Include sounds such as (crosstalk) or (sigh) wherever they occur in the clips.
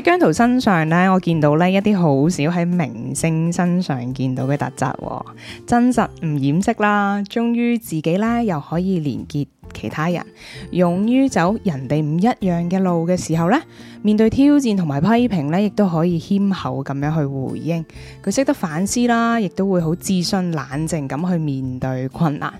喺姜濤身上咧，我見到咧一啲好少喺明星身上見到嘅特質，真實唔掩飾啦，忠於自己啦，又可以連結其他人，勇於走人哋唔一樣嘅路嘅時候咧，面對挑戰同埋批評咧，亦都可以謙厚咁樣去回應。佢識得反思啦，亦都會好自信冷靜咁去面對困難。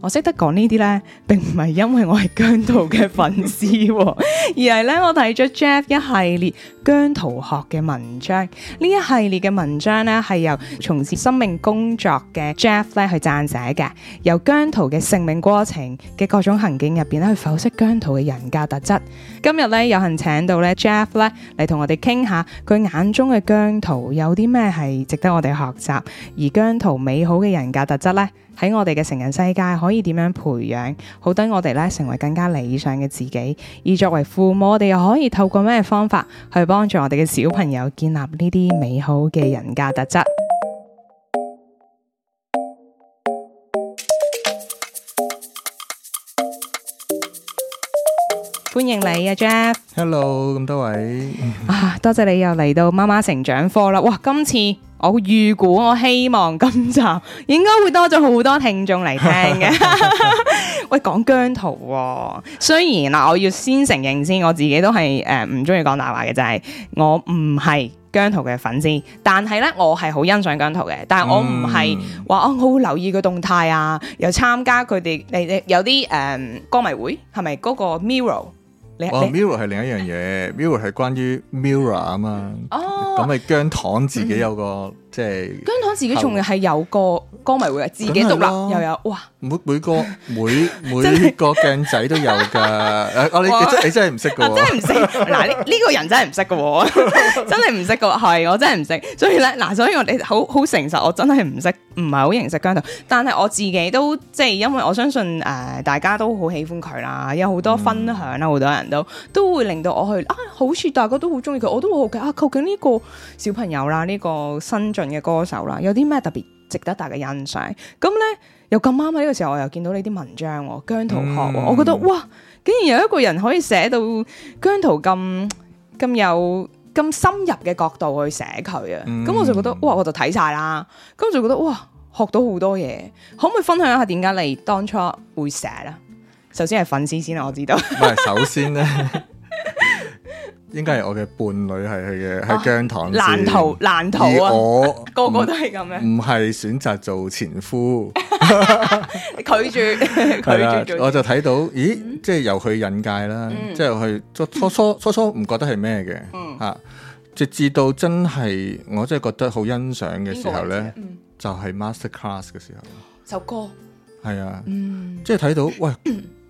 我識得講呢啲咧，並唔係因為我係姜濤嘅粉絲，哦，而係咧我睇咗 Jeff 一系列姜濤學嘅文章。呢一系列嘅文章咧，係由從事生命工作嘅 Jeff 咧去撰寫嘅，由姜濤嘅性命過程嘅各種行徑入邊咧去剖析姜濤嘅人格特質。今日咧有幸請到咧 Jeff 咧嚟同我哋傾下佢眼中嘅姜濤有啲咩係值得我哋學習，而姜濤美好嘅人格特質咧。喺我哋嘅成人世界，可以點樣培養，好得我哋咧成為更加理想嘅自己？而作為父母，我哋又可以透過咩方法去幫助我哋嘅小朋友建立呢啲美好嘅人格特質？ (music) 歡迎你啊，Jeff！Hello，咁各多位 (laughs) 啊，多謝你又嚟到媽媽成長課啦！哇，今次～我預估我希望今集應該會多咗好多聽眾嚟聽嘅。 (laughs) (laughs) 喂，講姜濤、哦，雖然嗱，我要先承認先，我自己都係誒唔鍾意講大話嘅，就係、是、我唔係姜濤嘅粉絲，但係咧我係好欣賞姜濤嘅。但係我唔係話啊，我好留意個動態啊，又參加佢哋你誒有啲誒、呃、歌迷會，係咪嗰個 Mirror？我同 mirror 係另一樣嘢，mirror 係關於 mirror 啊嘛，咁咪姜糖自己有個。姜糖自己仲要係有個歌迷會啊，自己獨立又有哇！每每個每 (laughs) 的每個鏡仔都有㗎、 (laughs) 啊，你真你真係唔識㗎喎！真係唔識嗱呢呢個人真係唔識㗎喎！真係唔識㗎，係、啊、我真係唔識。所以咧嗱、啊，所以我哋好好誠實，我真係唔識，唔係好認識姜糖。但係我自己都即係因為我相信誒，大家都好喜歡佢啦，有好多分享啦，好多人都都會令到我去啊，好似大家都好中意佢，我都好奇啊，究竟呢個小朋友啦，呢、呢個新進。嘅歌手啦，有啲咩特別值得大家欣賞？咁呢，又咁啱喺呢個時候，我又見到你啲文章，姜濤學，嗯、我覺得哇，竟然有一個人可以寫到姜濤咁咁有咁深入嘅角度去寫佢啊！咁、嗯、我就覺得哇，我就睇晒啦，咁我就覺得哇，學到好多嘢。可唔可以分享一下點解你當初會寫咧？首先係粉絲先啊，我知道。首先呢。 (laughs) 應該係我嘅伴侶，係佢嘅係姜糖子，難逃難逃啊！個個都係咁樣，唔係選擇做前夫，拒絕拒絕。我就睇到，咦，即係由佢引介啦，即係去初初初初唔覺得係咩嘅吓，直至到真係我真係覺得好欣賞嘅時候咧，就係 Master Class 嘅時候，首歌係啊，即係睇到喂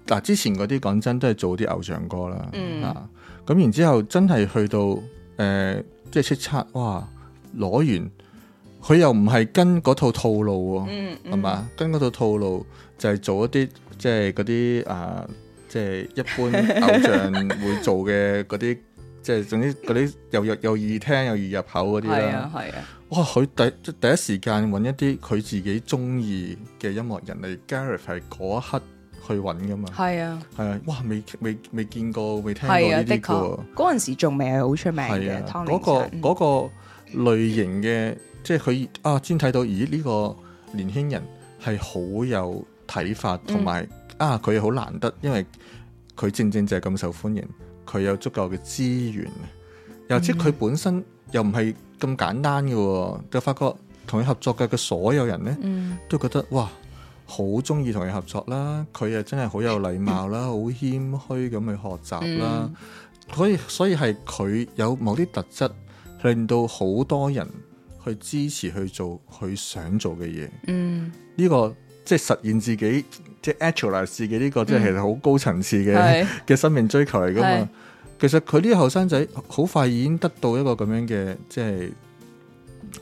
嗱，之前嗰啲講真都係做啲偶像歌啦啊。咁然之後，真係去到誒、呃，即係出測，哇！攞完佢又唔係跟嗰套套路喎、哦，係嘛、嗯嗯？跟嗰套套路就係做一啲即係嗰啲啊，即係一般偶像會做嘅嗰啲，即係總之嗰啲又又又易聽又易入口嗰啲啦。係 (laughs) 啊，啊哇！佢第第一時間揾一啲佢自己中意嘅音樂人嚟 Gareth，係嗰一刻。去揾㗎嘛？係啊，係啊！哇，未未未見過，未聽過呢啲喎。嗰陣、啊、時仲未係好出名嘅。嗰、啊那個嗰、那個類型嘅，即係佢啊，先睇到，咦？呢、這個年輕人係好有睇法，同埋啊，佢好難得，因為佢正正就係咁受歡迎，佢有足夠嘅資源，又即佢本身又唔係咁簡單嘅喎，就、嗯、發覺同佢合作嘅嘅所有人咧，嗯、都覺得哇！好鍾意同佢合作啦，佢又真係好有禮貌啦，好、嗯、謙虛咁去學習啦，嗯，所以所以係佢有某啲特質，令到好多人去支持去做佢想做嘅嘢。嗯，呢、呢個即係、即係、實現自己即係、即係、actualize 自己，呢、呢個，即係其實好高層次嘅嘅，嗯、 (laughs) 生命追求嚟㗎嘛。是其實佢啲後生仔好快已經得到一個咁樣嘅即係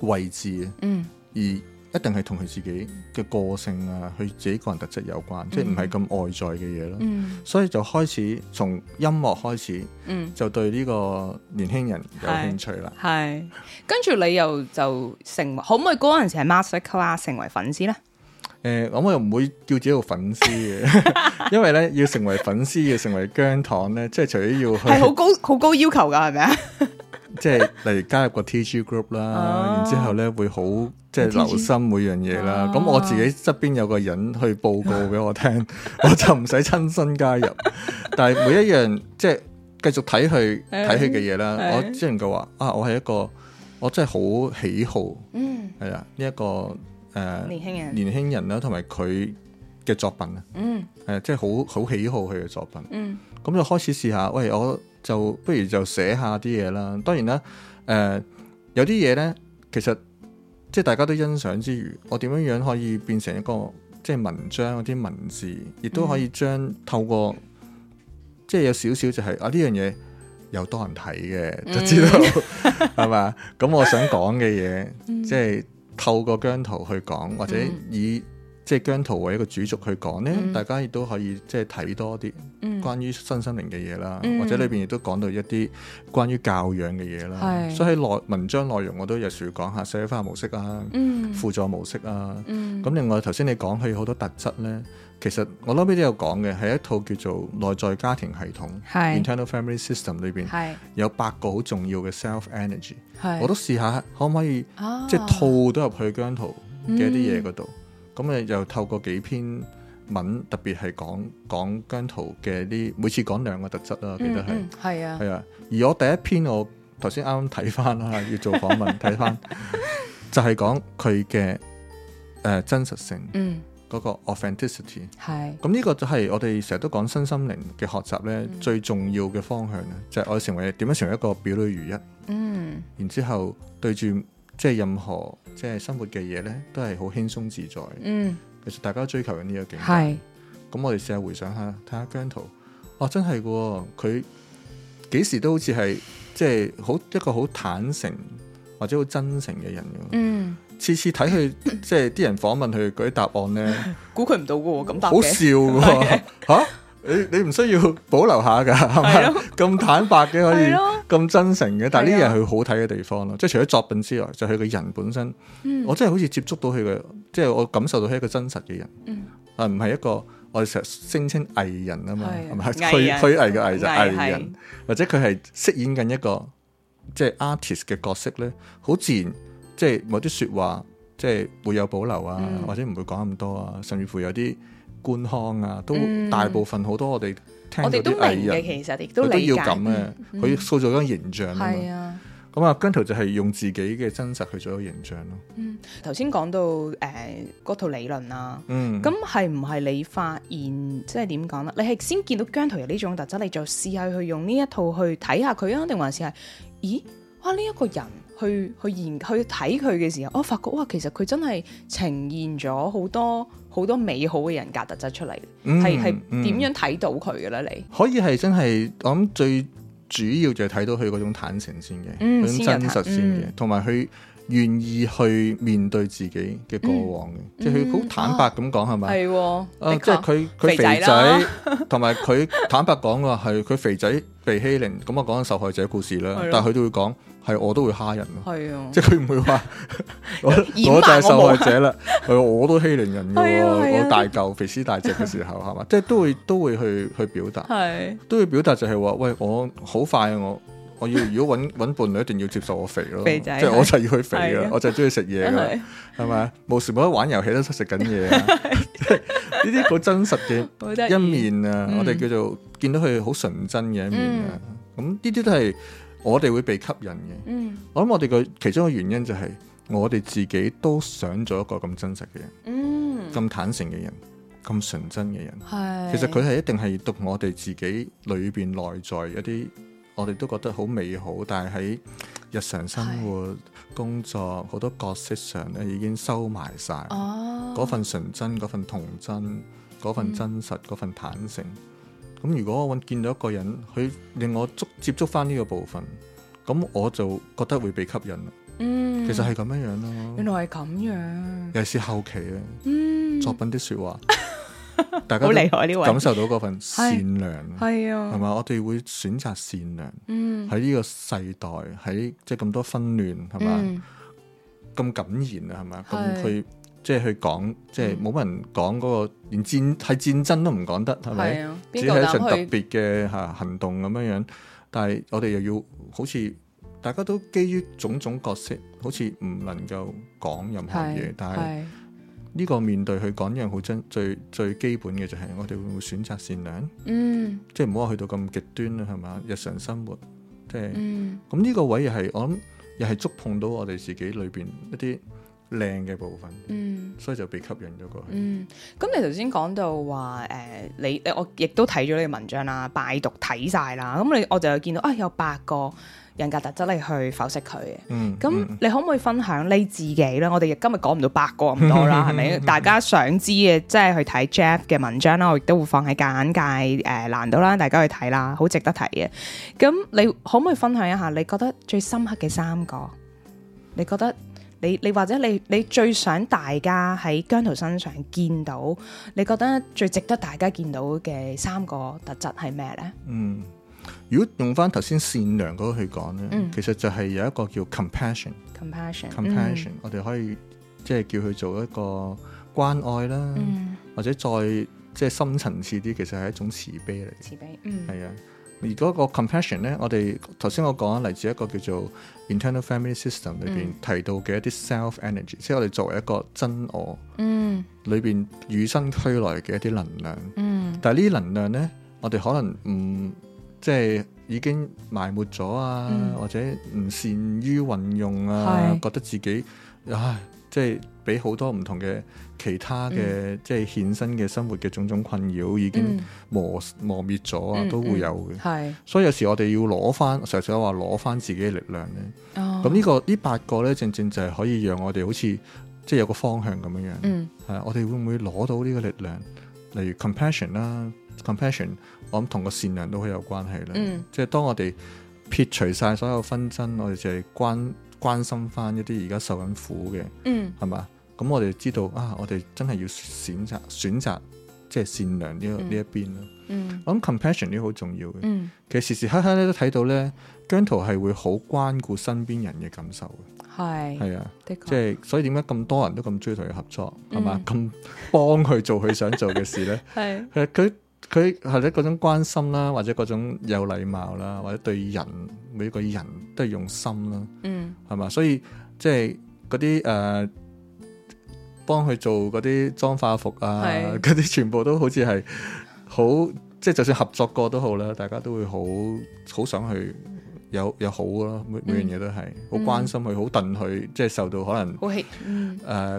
位置啊。嗯，而。一定係同佢自己嘅個性啊，佢自己個人特質有關，嗯、即係唔係咁外在嘅嘢咯。嗯、所以就開始從音樂開始，嗯、就對呢個年輕人有興趣啦。係跟住你又就成為，可唔可以嗰陣時係 Marshall 卡拉成為粉絲咧？誒、呃，我又唔會叫自己做粉絲嘅， (laughs) (laughs) 因為咧要成為粉絲要成為姜糖咧，即係除咗要去係好高好高要求噶，係咪啊？ (laughs) 即係例如加入個 T G group 啦、oh.，然之後咧會好即係留心每樣嘢啦。咁 G ?、oh. 我自己側邊有個人去報告俾我聽， (laughs) 我就唔使親身加入。 (laughs) 但係每一樣即係、就是、繼續睇佢睇佢嘅嘢啦。Mm. 我只能夠話啊，我係一個我真係好喜好，嗯、mm. 啊，係啊呢一個誒、呃、年輕人年輕人啦，同埋佢嘅作品啊，嗯，誒，即係好好喜好佢嘅作品，嗯、mm. 啊，咁、就是 mm. (laughs) 就開始試下喂我。我我就不如就寫下啲嘢啦。當然啦，誒、呃，有啲嘢咧，其實即係大家都欣賞之餘，我點樣樣可以變成一個即係文章嗰啲文字，亦都可以將、嗯、透過即係有少少就係、是、啊呢樣嘢有多人睇嘅，就知道係嘛。咁、嗯、 (laughs) 我想講嘅嘢，嗯、即係透過姜濤去講，或者以。嗯即係姜濤為一個主軸去講呢，大家亦都可以即係睇多啲關於身心靈嘅嘢啦，或者裏邊亦都講到一啲關於教養嘅嘢啦。所以內文章內容我都有時講下社會化模式啊，輔助模式啊。咁另外頭先你講佢好多特質呢，其實我後邊都有講嘅，係一套叫做內在家庭系統 （internal family system） 裏邊有八個好重要嘅 self energy。我都試下可唔可以即係套到入去姜濤嘅一啲嘢嗰度。咁你又透過幾篇文，特別係講講姜濤嘅呢，每次講兩個特質啦，我記得係係啊，係啊。而我第一篇我頭先啱啱睇翻啦，要做訪問睇翻， (laughs) (laughs) 就係講佢嘅誒真實性，嗯，嗰個 authenticity 係。咁呢個就係我哋成日都講身心靈嘅學習咧，嗯、最重要嘅方向咧，就係、我哋、成為點樣成為一個表裏如一，嗯，然之後對住。即係任何即係生活嘅嘢咧，都係好輕鬆自在。嗯，其實大家追求緊呢個境界，咁是我哋試下回想下，睇下姜濤，哇真係噶，佢幾時都好似係即係好一個好坦誠或者好真誠嘅人嘅。嗯，次次睇佢即係啲人訪問佢嗰啲答案咧，估佢唔到噶咁答嘅，好笑噶吓。你你唔需要保留下噶，係嘛？咁 (laughs) 坦白嘅可以誠，咁真誠嘅，但係呢樣係佢好睇嘅地方咯。即係的除咗作品之外，就係、是、佢人本身。嗯、我真係好似接觸到佢嘅，即、就、係、是、我感受到係一個真實嘅人。啊、嗯，唔係一個我哋成日聲稱藝人啊嘛，係咪的？虛虛偽嘅藝就藝人，或者佢係飾演緊一個即係、就是、artist 嘅角色咧，好自然，即、就、係、是、某啲說話，即、就、係、是、會有保留啊，或者唔會講咁多啊，甚至乎有啲。官腔啊，都大部分好多我哋聽、嗯，人我哋都明嘅其實，亦都理解。佢都要咁嘅，佢、嗯、塑造緊形象。係、嗯、啊，咁啊，姜濤就係用自己嘅真實去做一個形象咯。嗯，頭先講到誒嗰、呃、套理論啊，嗯，咁係唔係你發現即係點講咧？你係先見到姜濤有呢種特質，你就試下去用呢一套去睇下佢啊？定還是係？咦，哇！呢、這、一個人去去研去睇佢嘅時候，我發覺哇，其實佢真係呈現咗好多。好多美好嘅人格特質出嚟，係係點樣睇到佢嘅咧？你可以係真係我諗最主要就係睇到佢嗰種坦誠先嘅，嗰種真實先嘅，同埋佢願意去面對自己嘅過往嘅，即係好坦白咁講係咪？係，啊，即係佢佢肥仔，同埋佢坦白講話係佢肥仔被欺凌，咁我講受害者故事啦，但係佢都會講。係我都會蝦人咯，即係佢唔會話我我就係受害者啦。係我都欺凌人㗎喎，我大嚿肥屍大隻嘅時候係嘛，即係都會都會去去表達，都會表達就係話喂，我好快啊我我要如果揾揾伴侶一定要接受我肥咯，肥仔，即係我就要去肥嘅，我就係中意食嘢㗎，係咪啊？無時無刻玩遊戲都食緊嘢，呢啲好真實嘅一面啊！我哋叫做見到佢好純真嘅一面啊！咁呢啲都係。我哋會被吸引嘅，嗯、我諗我哋嘅其中一個原因就係、是、我哋自己都想做一個咁真實嘅人，咁、嗯、坦誠嘅人，咁純真嘅人。是其實佢係一定係讀我哋自己裏邊內在一啲，我哋都覺得好美好，但係喺日常生活是工作好多角色上咧已經收埋晒。嗰、哦、份純真、嗰份童真、嗰份真實、嗰、嗯、份坦誠。咁如果我見到一個人，佢令我捉接觸翻呢個部分，咁我就覺得會被吸引啦。嗯，其實係咁樣樣、啊、咯。原來係咁樣，尤其是後期咧，嗯、作品啲說話， (laughs) 大家好厲害呢位感受到嗰份善良，係啊， (laughs) 係嘛的，我哋會選擇善良。嗯，喺呢個世代，喺即係咁多紛亂，係嘛，咁、嗯、感染啊，係嘛，咁去的。即係去講，即係冇乜人講嗰、嗰個，嗯、連戰係戰爭都唔講得，係咪？啊、只係一場特別嘅嚇行動咁樣樣。但係我哋又要好似大家都基於種種角色，好似唔能夠講任何嘢。但係呢個面對去講一樣好真，最最基本嘅就係我哋會唔會選擇善良？嗯，即係唔好話去到咁極端啦，係嘛？日常生活，即係咁，呢個位又係我諗，又係觸碰到我哋自己裏邊一啲。靚嘅部分，嗯、所以就被吸引咗過去。咁、嗯、你頭先講到話，誒、呃，你，你我亦都睇咗呢個文章啦，拜讀睇晒啦。咁你我就見到啊、哎，有八個人格特質你去剖析佢嘅。咁、嗯嗯、你可唔可以分享你自己呢，我哋今日講唔到八個咁多啦，係咪？ (laughs) 大家想知嘅，即係去睇 Jeff 嘅文章啦，我亦都會放喺簡介誒難度啦，大家去睇啦，好值得睇嘅。咁你可唔可以分享一下你覺得最深刻嘅三個？你覺得？你你或者你你最想大家喺姜濤身上見到，你覺得最值得大家見到嘅三個特質係咩咧？嗯，如果用翻頭先善良嗰個去講咧，嗯、其實就係有一個叫 compassion，compassion，compassion、嗯、我哋可以即係叫佢做一個關愛啦，嗯、或者再即係、就是、深層次啲，其實係一種慈悲嚟，慈悲，嗯，係啊。而嗰個 compassion 咧，我哋頭先我講嚟自一個叫做 internal family system 裏邊，嗯、提到嘅一啲 self energy，即係我哋作為一個真我裏邊與生俱來嘅一啲能量。嗯、但係呢啲能量咧，我哋可能唔即係已經埋沒咗啊，嗯、或者唔善於運用啊，是覺得自己唉，即係俾好多唔同嘅。其他嘅即係衍生嘅生活嘅種種困擾，已經磨磨滅咗啊，都會有嘅。係，所以有時我哋要攞翻，上上話攞翻自己嘅力量咧。哦，咁呢個呢八個咧，正正就係可以讓我哋好似即係有個方向咁樣樣，嗯，係我哋會唔會攞到呢個力量？例如 compassion 啦，compassion，我諗同個善良都好有關係啦，嗯，即係當我哋撇除晒所有紛爭，我哋就係關關心翻一啲而家受緊苦嘅。嗯，係嘛？咁我哋知道啊，我哋真係要選擇選擇即係善良呢呢一邊咯。嗯，我諗 compassion 呢好重要嘅。嗯、其實時時刻刻咧都睇到咧，姜濤係會好關顧身邊人嘅感受嘅，係係是啊，即係確所以點解咁多人都咁鍾意同佢合作係嘛？咁、嗯、幫佢做佢想做嘅事咧，係佢佢係咧嗰種關心啦，或者嗰種有禮貌啦，或者對人每個人都係用心啦，嗯，係嘛？所以即係嗰啲誒。就是幫佢做嗰啲妝化服啊，嗰啲全部都好似係好，即係就算合作過都好啦，大家都會好好想去有有好咯，每每樣嘢都係好關心佢，好戥佢，即係受到可能誒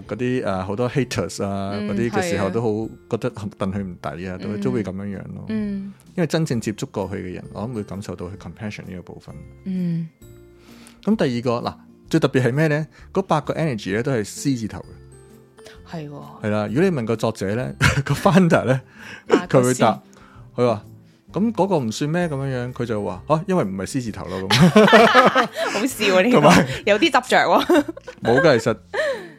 嗰啲誒好多 haters 啊，嗰啲嘅時候都好覺得戥佢唔抵啊，都都會咁樣樣咯。因為真正接觸過佢嘅人，我諗會感受到佢 compassion 呢個部分。嗯。咁第二個嗱，最特別係咩咧？嗰八個 energy 咧都係 C 字頭嘅。係喎，係啦。如果你問個作者咧， (laughs) 個 founder 咧，佢、啊、會答佢話：咁嗰 (laughs) 個唔算咩咁樣樣。佢就話：哦，因為唔係 C 字頭咯咁，樣 (laughs) 好笑呢啲，有啲執着冇噶。其實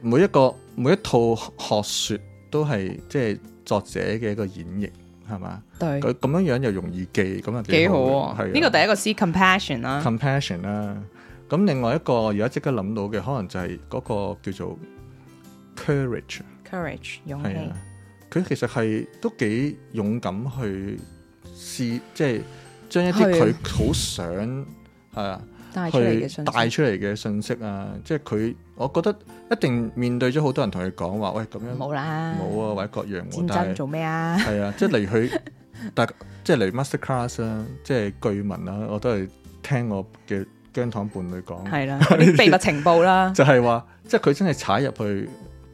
每一個 (laughs) 每一套學說都係即係作者嘅一個演繹，係嘛？對佢咁樣樣又容易記，咁又幾好。係呢、啊、了個第一個 compassion、啊、C compassion 啦，compassion 啦、啊。咁另外一個，而家即刻諗到嘅可能就係嗰個叫做。courage，courage 勇氣，佢、啊、其實係都幾勇敢去試，即係將一啲佢好想係的、嗯、啊，帶出嚟嘅信息啊，即係佢，我覺得一定面對咗好多人同佢講話，喂，咁樣冇啦了，冇啊，或者各樣戰爭做咩啊？係啊，即係嚟佢，但即係嚟 master class 啊，即係據聞啊，我都係聽我嘅姜糖伴侶講，係啦，秘密情報啦、啊， (laughs) 就係話，即係佢真係踩入去。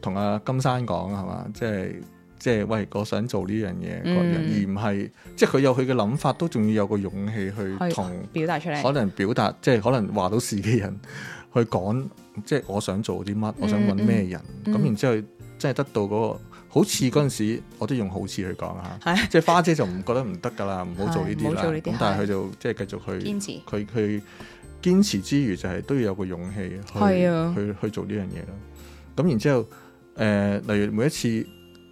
同阿金生講係嘛？即係即係，喂，我想做呢樣嘢，個人而唔係，即係佢有佢嘅諗法，都仲要有個勇氣去同表達出嚟。可能表達，即係可能話到事嘅人去講，即係我想做啲乜，我想搵咩人。咁然之後，即係得到嗰個，好似嗰陣時，我都用好似去講吓，即係花姐就唔覺得唔得噶啦，唔好做呢啲啦。咁但係佢就即係繼續去堅持，佢佢堅持之餘，就係都要有個勇氣去去去做呢樣嘢咯。咁然之後。誒、呃，例如每一次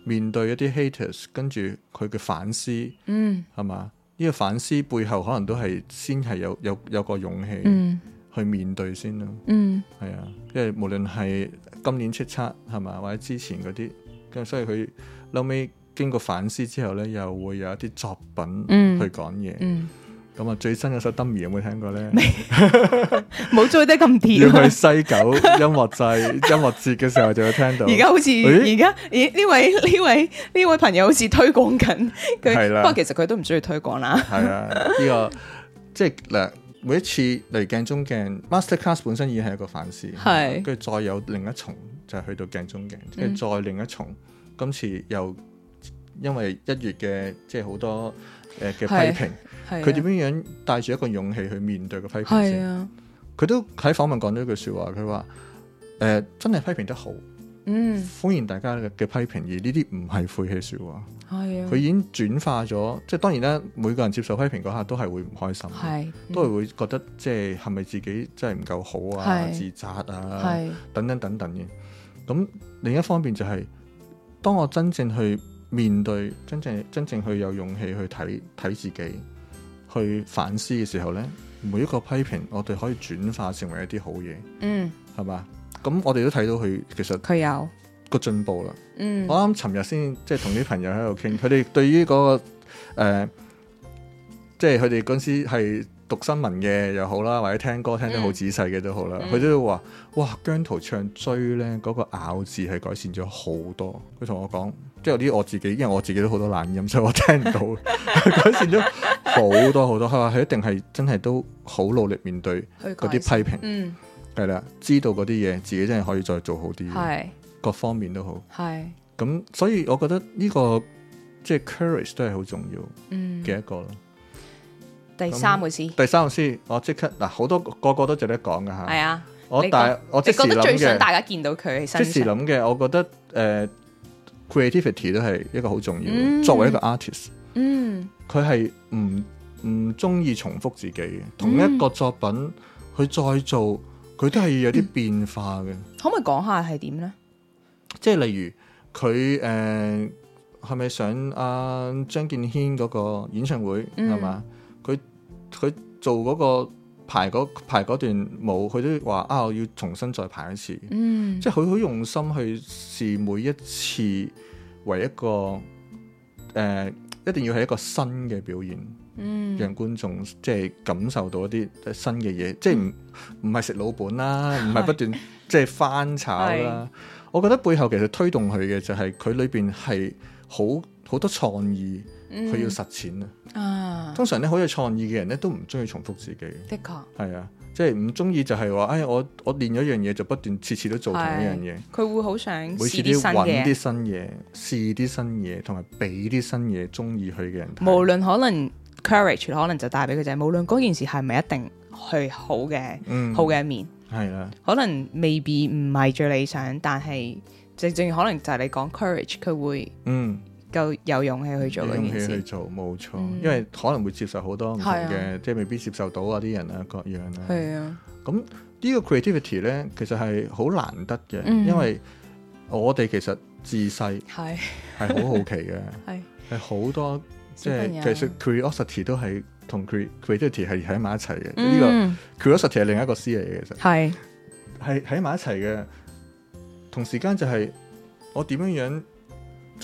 面對一啲 haters，跟住佢嘅反思，嗯，係嘛？呢、這個反思背後可能都係先係有有有個勇氣去面對先咯，嗯，係啊，因為無論係今年出測係嘛，或者之前嗰啲，咁所以佢後尾經過反思之後咧，又會有一啲作品去講嘢。嗯嗯咁 (laughs) 啊，最新嗰首《Dummy 有冇聽過咧？冇追得咁甜。要去西九音樂祭、 (laughs) 音樂節嘅時候，就會聽到。而家好似而家咦？呢、哎欸、位呢位呢位朋友好似推廣緊。係啦，不過其實佢都唔中意推廣啦。係啊，呢、這個即係嗱，就是、每一次嚟鏡中鏡 Masterclass 本身已經係一個反思，係跟住再有另一重就係、是、去到鏡中鏡，跟住、嗯、再另一重。今次又。因為一月嘅即係好多誒嘅批評，佢點樣樣帶住一個勇氣去面對個批評先。佢、啊、都喺訪問講咗一句説話，佢話誒真係批評得好，嗯歡迎大家嘅批評，而呢啲唔係晦氣説話。係啊，佢已經轉化咗。即係當然啦，每個人接受批評嗰下都係會唔開心嘅，啊、都係會覺得即係係咪自己真係唔夠好啊、是自責啊等等等等嘅。咁另一方面就係、是、當我真正去。面對真正真正去有勇氣去睇睇自己，去反思嘅時候咧，每一個批評我哋可以轉化成為一啲好嘢，嗯，係嘛？咁我哋都睇到佢其實佢有個進步啦。嗯，我啱尋日先即係同啲朋友喺度傾，佢哋對於嗰個，呃，即係佢哋嗰陣時係。讀新聞嘅又好啦，或者聽歌聽得好仔細嘅都好啦，佢都話，哇，姜濤唱追咧嗰個咬字係改善咗好多。佢同我講，即係有啲我自己，因為我自己都好多懶音，所以我聽唔到。 (laughs) 改善咗好多好多，佢話佢一定係真係都好努力面對嗰啲批評，嗯，係啦，知道嗰啲嘢，自己真係可以再做好啲，係是，各方面都好，係是。咁所以我覺得呢個即係 courage 都係好重要嘅一個咯。嗯第三個師，第三個師，我即刻嗱，好多個個都值得講嘅嚇。係啊，我但係我覺得最想大家見到佢。即時諗嘅，我覺得誒 Creativity 都係一個好重要。作為一個 artist，嗯，佢係唔唔中意重複自己嘅同一個作品，佢再做佢都係有啲變化嘅。可唔可以講下係點咧？即係例如佢誒係咪上啊？張敬軒嗰個演唱會係嘛？佢做嗰個排嗰排段舞，佢都話啊，我要重新再排一次。嗯，即係佢好用心去試每一次，為一個誒、呃、一定要係一個新嘅表演。嗯，讓觀眾即係感受到一啲新嘅嘢，嗯、即係唔唔係食老本啦，唔係不斷即係翻炒啦。是我覺得背後其實推動佢嘅就係佢裏邊係好好多創意。佢、嗯、要實踐啊！通常咧，好有創意嘅人咧，都唔中意重複自己的。的確，係啊，即係唔中意就係、是、話，哎，我我練咗一樣嘢，就不斷次次都做同一樣嘢。佢會好想每次都要揾啲新嘢，試啲新嘢，同埋俾啲新嘢中意佢嘅人。無論可能 courage 可能就帶俾佢就係，無論嗰件事係咪一定係好嘅，嗯、好嘅一面，係啦的。可能未必唔係最理想，但係正正可能就係你講 courage，佢會嗯。夠有勇氣去做勇氣去做冇錯，因為可能會接受好多唔同嘅，即係未必接受到嗰啲人啊各樣啦。係啊，咁呢個 creativity 咧，其實係好難得嘅，因為我哋其實自細係係好好奇嘅，係係好多即係其實 curiosity 都係同 creativity 係喺埋一齊嘅呢個 curiosity 係另一個 C 嚟嘅，其實係係喺埋一齊嘅，同時間就係我點樣樣。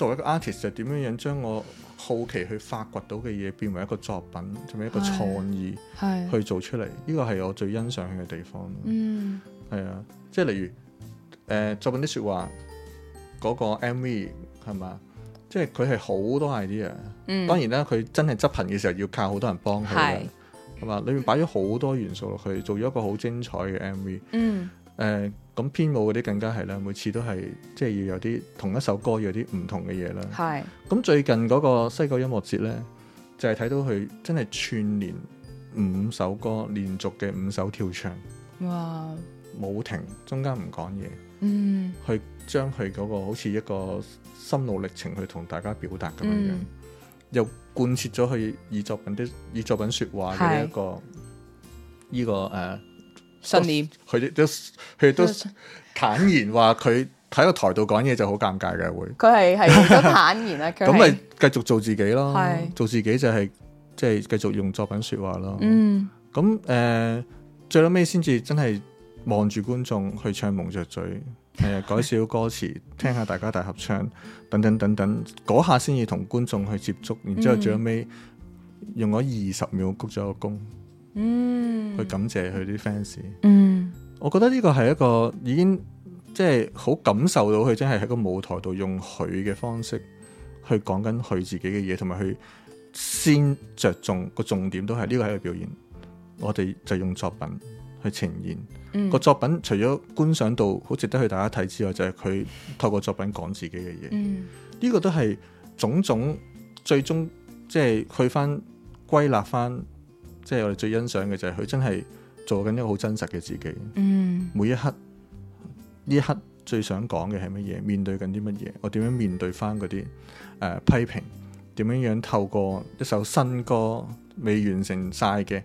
作做一個 artist 就點樣樣將我好奇去發掘到嘅嘢，變為一個作品，仲有一個創意，係去做出嚟。呢個係我最欣賞佢嘅地方。嗯，係啊，即係例如，誒、呃，作品啲說話嗰、嗰個 MV 係嘛，即係佢係好多 idea、嗯。當然啦，佢真係執行嘅時候要靠好多人幫佢啦。係是，係嘛，裏面擺咗好多元素落去，做咗一個好精彩嘅 MV。嗯。誒咁、嗯、編舞嗰啲更加係啦，每次都係即係要有啲同一首歌要有啲唔同嘅嘢啦。係是。咁最近嗰個西九音樂節咧，就係、是、睇到佢真係串連五首歌，連續嘅五首跳唱，哇！冇停，中間唔講嘢。嗯。去將佢嗰個好似一個心路歷程去同大家表達咁樣樣，嗯、又貫徹咗佢以作品啲以作品説話嘅一、這個依是、這個誒。Uh, 信念，佢亦都佢都，都坦然話佢喺個台度講嘢就好尷尬嘅，會佢係係都坦然啦。咁咪繼續做自己咯，是做自己就係即係繼續用作品說話咯。嗯，咁誒、呃，最屘最屘先至真係望住觀眾去唱蒙着嘴，誒， (laughs) 改少歌詞，聽下大家大合唱，等等等等，嗰下先至同觀眾去接觸，然之後最尾用咗二十秒鞠咗個躬。嗯嗯，去感謝佢啲 fans。嗯，我覺得呢個係一個已經即係好感受到佢真係喺個舞台度用佢嘅方式去講緊佢自己嘅嘢，同埋去先着重、嗰個重點都係呢個係一個表演。我哋就用作品去呈現、嗯、個作品除，除咗觀賞到好值得去大家睇之外，就係佢透過作品講自己嘅嘢。呢、嗯、個都係種種最終即係去翻歸納翻。即係我哋最欣賞嘅就係佢真係做緊一個好真實嘅自己，嗯、每一刻呢一刻最想講嘅係乜嘢？面對緊啲乜嘢？我點樣面對翻嗰啲誒批評？點樣樣透過一首新歌未完成晒嘅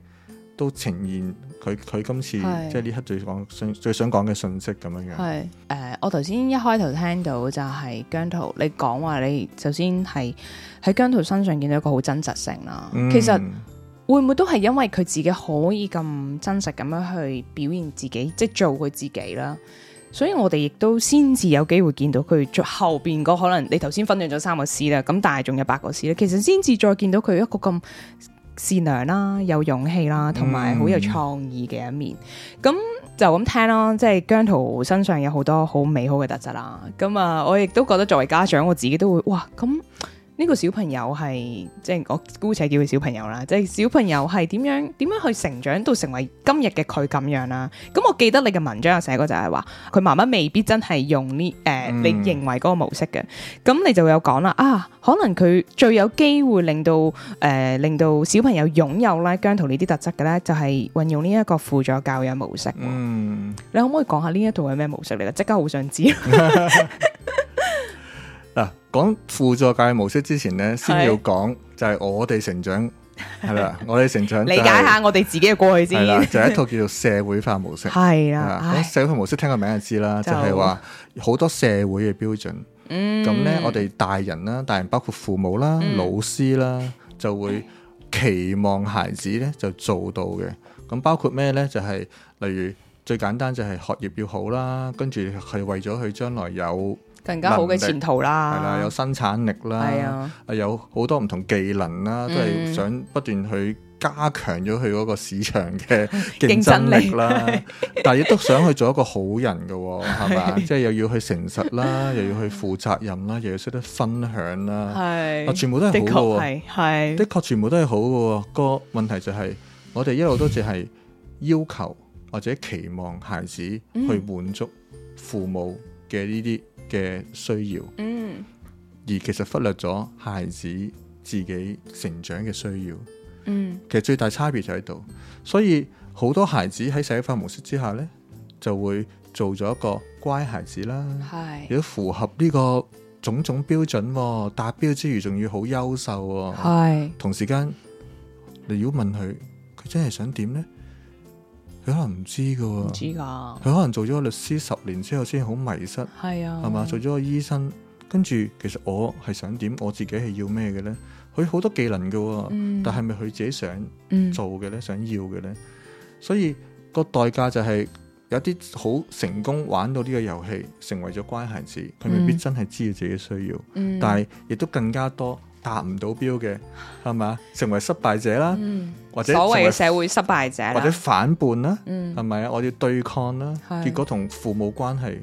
都呈現佢佢今次是即係呢刻最講最想講嘅信息咁樣樣。係誒、呃，我頭先一開頭聽到就係姜濤，你講話你首先係喺姜濤身上見到一個好真實性啦。其實。嗯會唔會都係因為佢自己可以咁真實咁樣去表現自己，即係做佢自己啦？所以我哋亦都先至有機會見到佢最後邊嗰可能你頭先分享咗三個 C 啦，咁但係仲有八個 C 咧，其實先至再見到佢一個咁善良啦、有勇氣啦，同埋好有創意嘅一面。咁、嗯、就咁聽咯，即係姜濤身上有好多好美好嘅特質啦。咁啊，我亦都覺得作為家長，我自己都會哇咁。呢個小朋友係即係我姑且叫佢小朋友啦，即、就、係、是、小朋友係點樣點樣去成長到成為今日嘅佢咁樣啦、啊？咁我記得你嘅文章有寫過就係、是、話，佢媽媽未必真係用呢誒、呃嗯、你認為嗰個模式嘅，咁你就會有講啦啊，可能佢最有機會令到誒、呃、令到小朋友擁有咧姜濤呢啲特質嘅咧，就係運用呢一個輔助教養模式。嗯，你可唔可以講下呢一套係咩模式嚟啦？即刻好想知。 (laughs) (laughs) 嗱，講輔助教育模式之前咧，先要講就係我哋成長係啦，的 (laughs) 我哋成長理、就係、解下我哋自己嘅過去先。 (laughs) 就係、一套叫做社會化模式，係啦。社會化模式，聽個名就知啦，就係話好多社會嘅標準。咁咧、嗯，我哋大人啦，大人包括父母啦、老師啦，嗯、就會期望孩子咧就做到嘅。咁包括咩咧？就係、係、例如最簡單就係學業要好啦，跟住係為咗佢將來有更加好嘅前途啦，係啦，有生產力啦，係啊的，有好多唔同技能啦，嗯、都係想不斷去加強咗佢嗰個市場嘅競爭力啦。爭力 (laughs) 但係亦都想去做一個好人嘅，係嘛？即係又要去誠實啦， (laughs) 又要去負責任啦，又要識得分享啦，係的全部都係好嘅、哦，係，的確全部都係好嘅、哦。個問題就係我哋一路都淨係要求或者期望孩子去滿足父母嘅呢啲。嘅需要，嗯，而其實忽略咗孩子自己成長嘅需要，嗯，其實最大差別就喺度，所以好多孩子喺社會化模式之下咧，就會做咗一個乖孩子啦，係是，如果符合呢個種種標準、哦，達標之餘仲要好優秀、哦，係是，同時間，你如果問佢，佢真係想點咧？佢可能唔知噶、唔知噶，佢可能做咗個律師十年之後先好迷失，係啊，係嘛，做咗個醫生，跟住其實我係想點，我自己係要咩嘅咧？佢好多技能噶、啊，嗯、但係咪佢自己想做嘅咧？嗯、想要嘅咧？所以個代價就係有啲好成功玩到呢個遊戲，嗯、成為咗乖孩子，佢未必真係知道自己需要，嗯嗯、但係亦都更加多。達唔到標嘅係咪啊，成為失敗者啦，或者所謂嘅社會失敗者，或者反叛啦，係咪啊？我哋對抗啦，結果同父母關係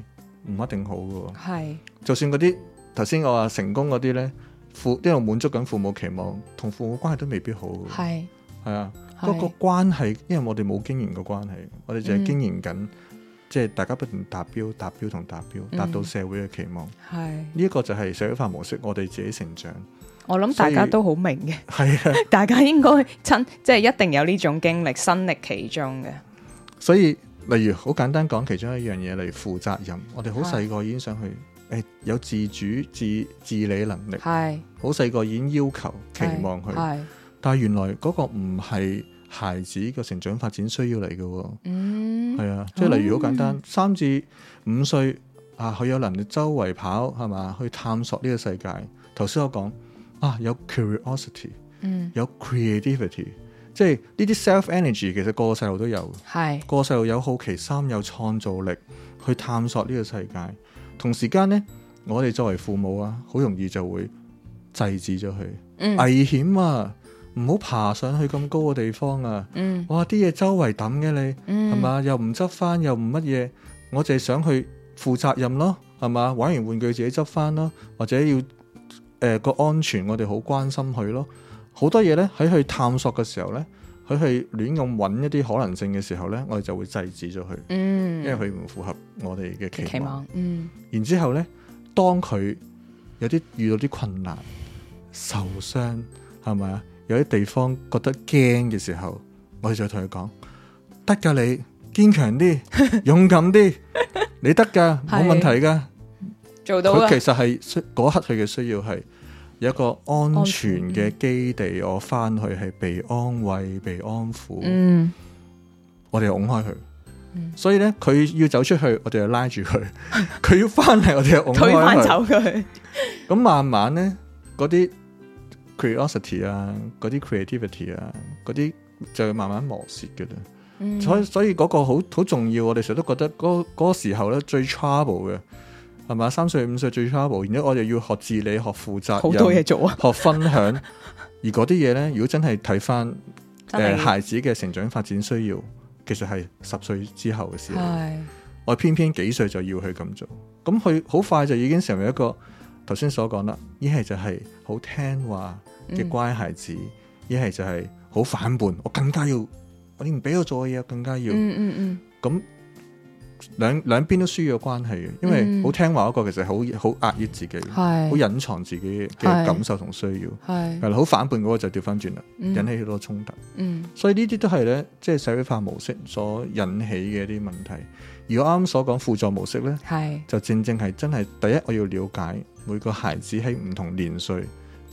唔一定好嘅。係，就算嗰啲頭先我話成功嗰啲咧，父一路滿足緊父母期望，同父母關係都未必好。係係啊，不過嗰個關係，因為我哋冇經營嘅關係，我哋淨係經營緊，即係大家不斷達標、達標同達標，達到社會嘅期望。係呢一個就係社會化模式，我哋自己成長。我諗大家都好明嘅，係啊以，大家應該 (laughs) 真即係一定有呢種經歷身歷其中嘅。所以例如好簡單講，其中一樣嘢嚟負責任，我哋好細個已經想去誒是、欸，有自主自自理能力係，好細個已經要求期望佢，是但係原來嗰個唔係孩子嘅成長發展需要嚟嘅，嗯，係、嗯、啊，即係例如好簡單，三至五歲啊，佢有能力周圍跑係嘛，去探索呢個世界。頭先我講。啊，有 curiosity、嗯、有 creativity，即係呢啲 self energy，其實個個細路都有。係是個個細路有好奇心，有創造力，去探索呢個世界。同時間咧，我哋作為父母啊，好容易就會制止咗佢。嗯、危險啊，唔好爬上去咁高嘅地方啊。嗯、哇，啲嘢周圍抌嘅你，係嘛、嗯？又唔執翻，又唔乜嘢？我淨係想去負責任咯，係嘛？玩完玩具自己執翻咯，或者要。誒、呃，個安全我哋好關心佢咯，好多嘢咧喺去探索嘅時候咧，佢去亂咁搵一啲可能性嘅時候咧，我哋就會制止咗佢，嗯、因為佢唔符合我哋嘅期，期望。嗯。然之後咧，當佢有啲遇到啲困難、受傷，係咪啊？有啲地方覺得驚嘅時候，我哋就同佢講：得噶、嗯，你堅強啲， (laughs) 勇敢啲，你得噶，冇問題噶。 (laughs) 佢其實係嗰刻佢嘅需要係有一個安全嘅基地，我翻去係被安慰、被安撫。嗯，我哋就擁開佢，嗯、所以咧佢要走出去，我哋就拉住佢；佢 (laughs) 要翻嚟，我哋又擁開佢。 (laughs) 咁 (laughs) 慢慢咧，嗰啲 curiosity 啊，嗰啲 creativity 啊，嗰啲就慢慢磨蝕噶啦。嗯、所以所以嗰個好好重要，我哋成日都覺得嗰嗰個時候咧最 trouble 嘅。係嘛？三歲五歲最差步，然之後我哋要學自理、學負責任、好多嘢做啊、學分享。 (laughs) 而嗰啲嘢咧，如果真係睇翻誒孩子嘅成長發展需要，其實係十歲之後嘅事。的我偏偏幾歲就要去咁做，咁佢好快就已經成為一個頭先所講啦。一係就係好聽話嘅乖孩子，一係、嗯、就係好反叛。我更加要，你我你唔俾佢做嘅嘢，更加要。嗯嗯嗯，咁、嗯。兩兩邊都輸咗關係嘅，因為好聽話嗰個其實好好、嗯、壓抑自己，好是隱藏自己嘅感受同需要，係啦，好反叛嗰個就調翻轉啦，嗯、引起好多衝突。嗯，所以呢啲都係咧，即、就、係、是、社會化模式所引起嘅一啲問題。如果啱啱所講輔助模式咧，係是就正正係真係第一，我要了解每個孩子喺唔同年歲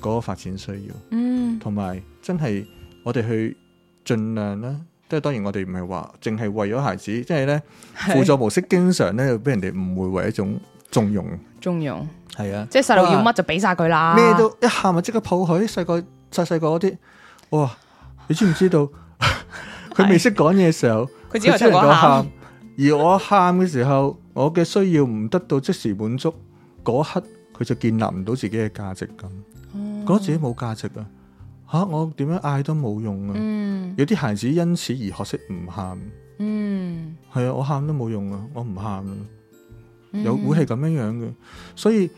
嗰個發展需要，嗯，同埋、嗯、真係我哋去盡量啦。即係當然，我哋唔係話淨係為咗孩子，即係咧輔助模式，經常咧俾人哋誤會為一種縱容。縱容係啊，即係細路要乜就俾曬佢啦。咩都一喊咪即刻抱佢，細個細細個嗰啲，哇！你知唔知道？佢未識講嘢嘅時候，佢只係知道喊。而我喊嘅時候，我嘅需要唔得到即時滿足，嗰刻佢就建立唔到自己嘅價值感，覺得自己冇價值啊！吓、啊、我點樣嗌都冇用啊！嗯、有啲孩子因此而學識唔喊，係、嗯、啊，我喊都冇用啊，我唔喊咯，嗯、有會係咁樣樣嘅，所以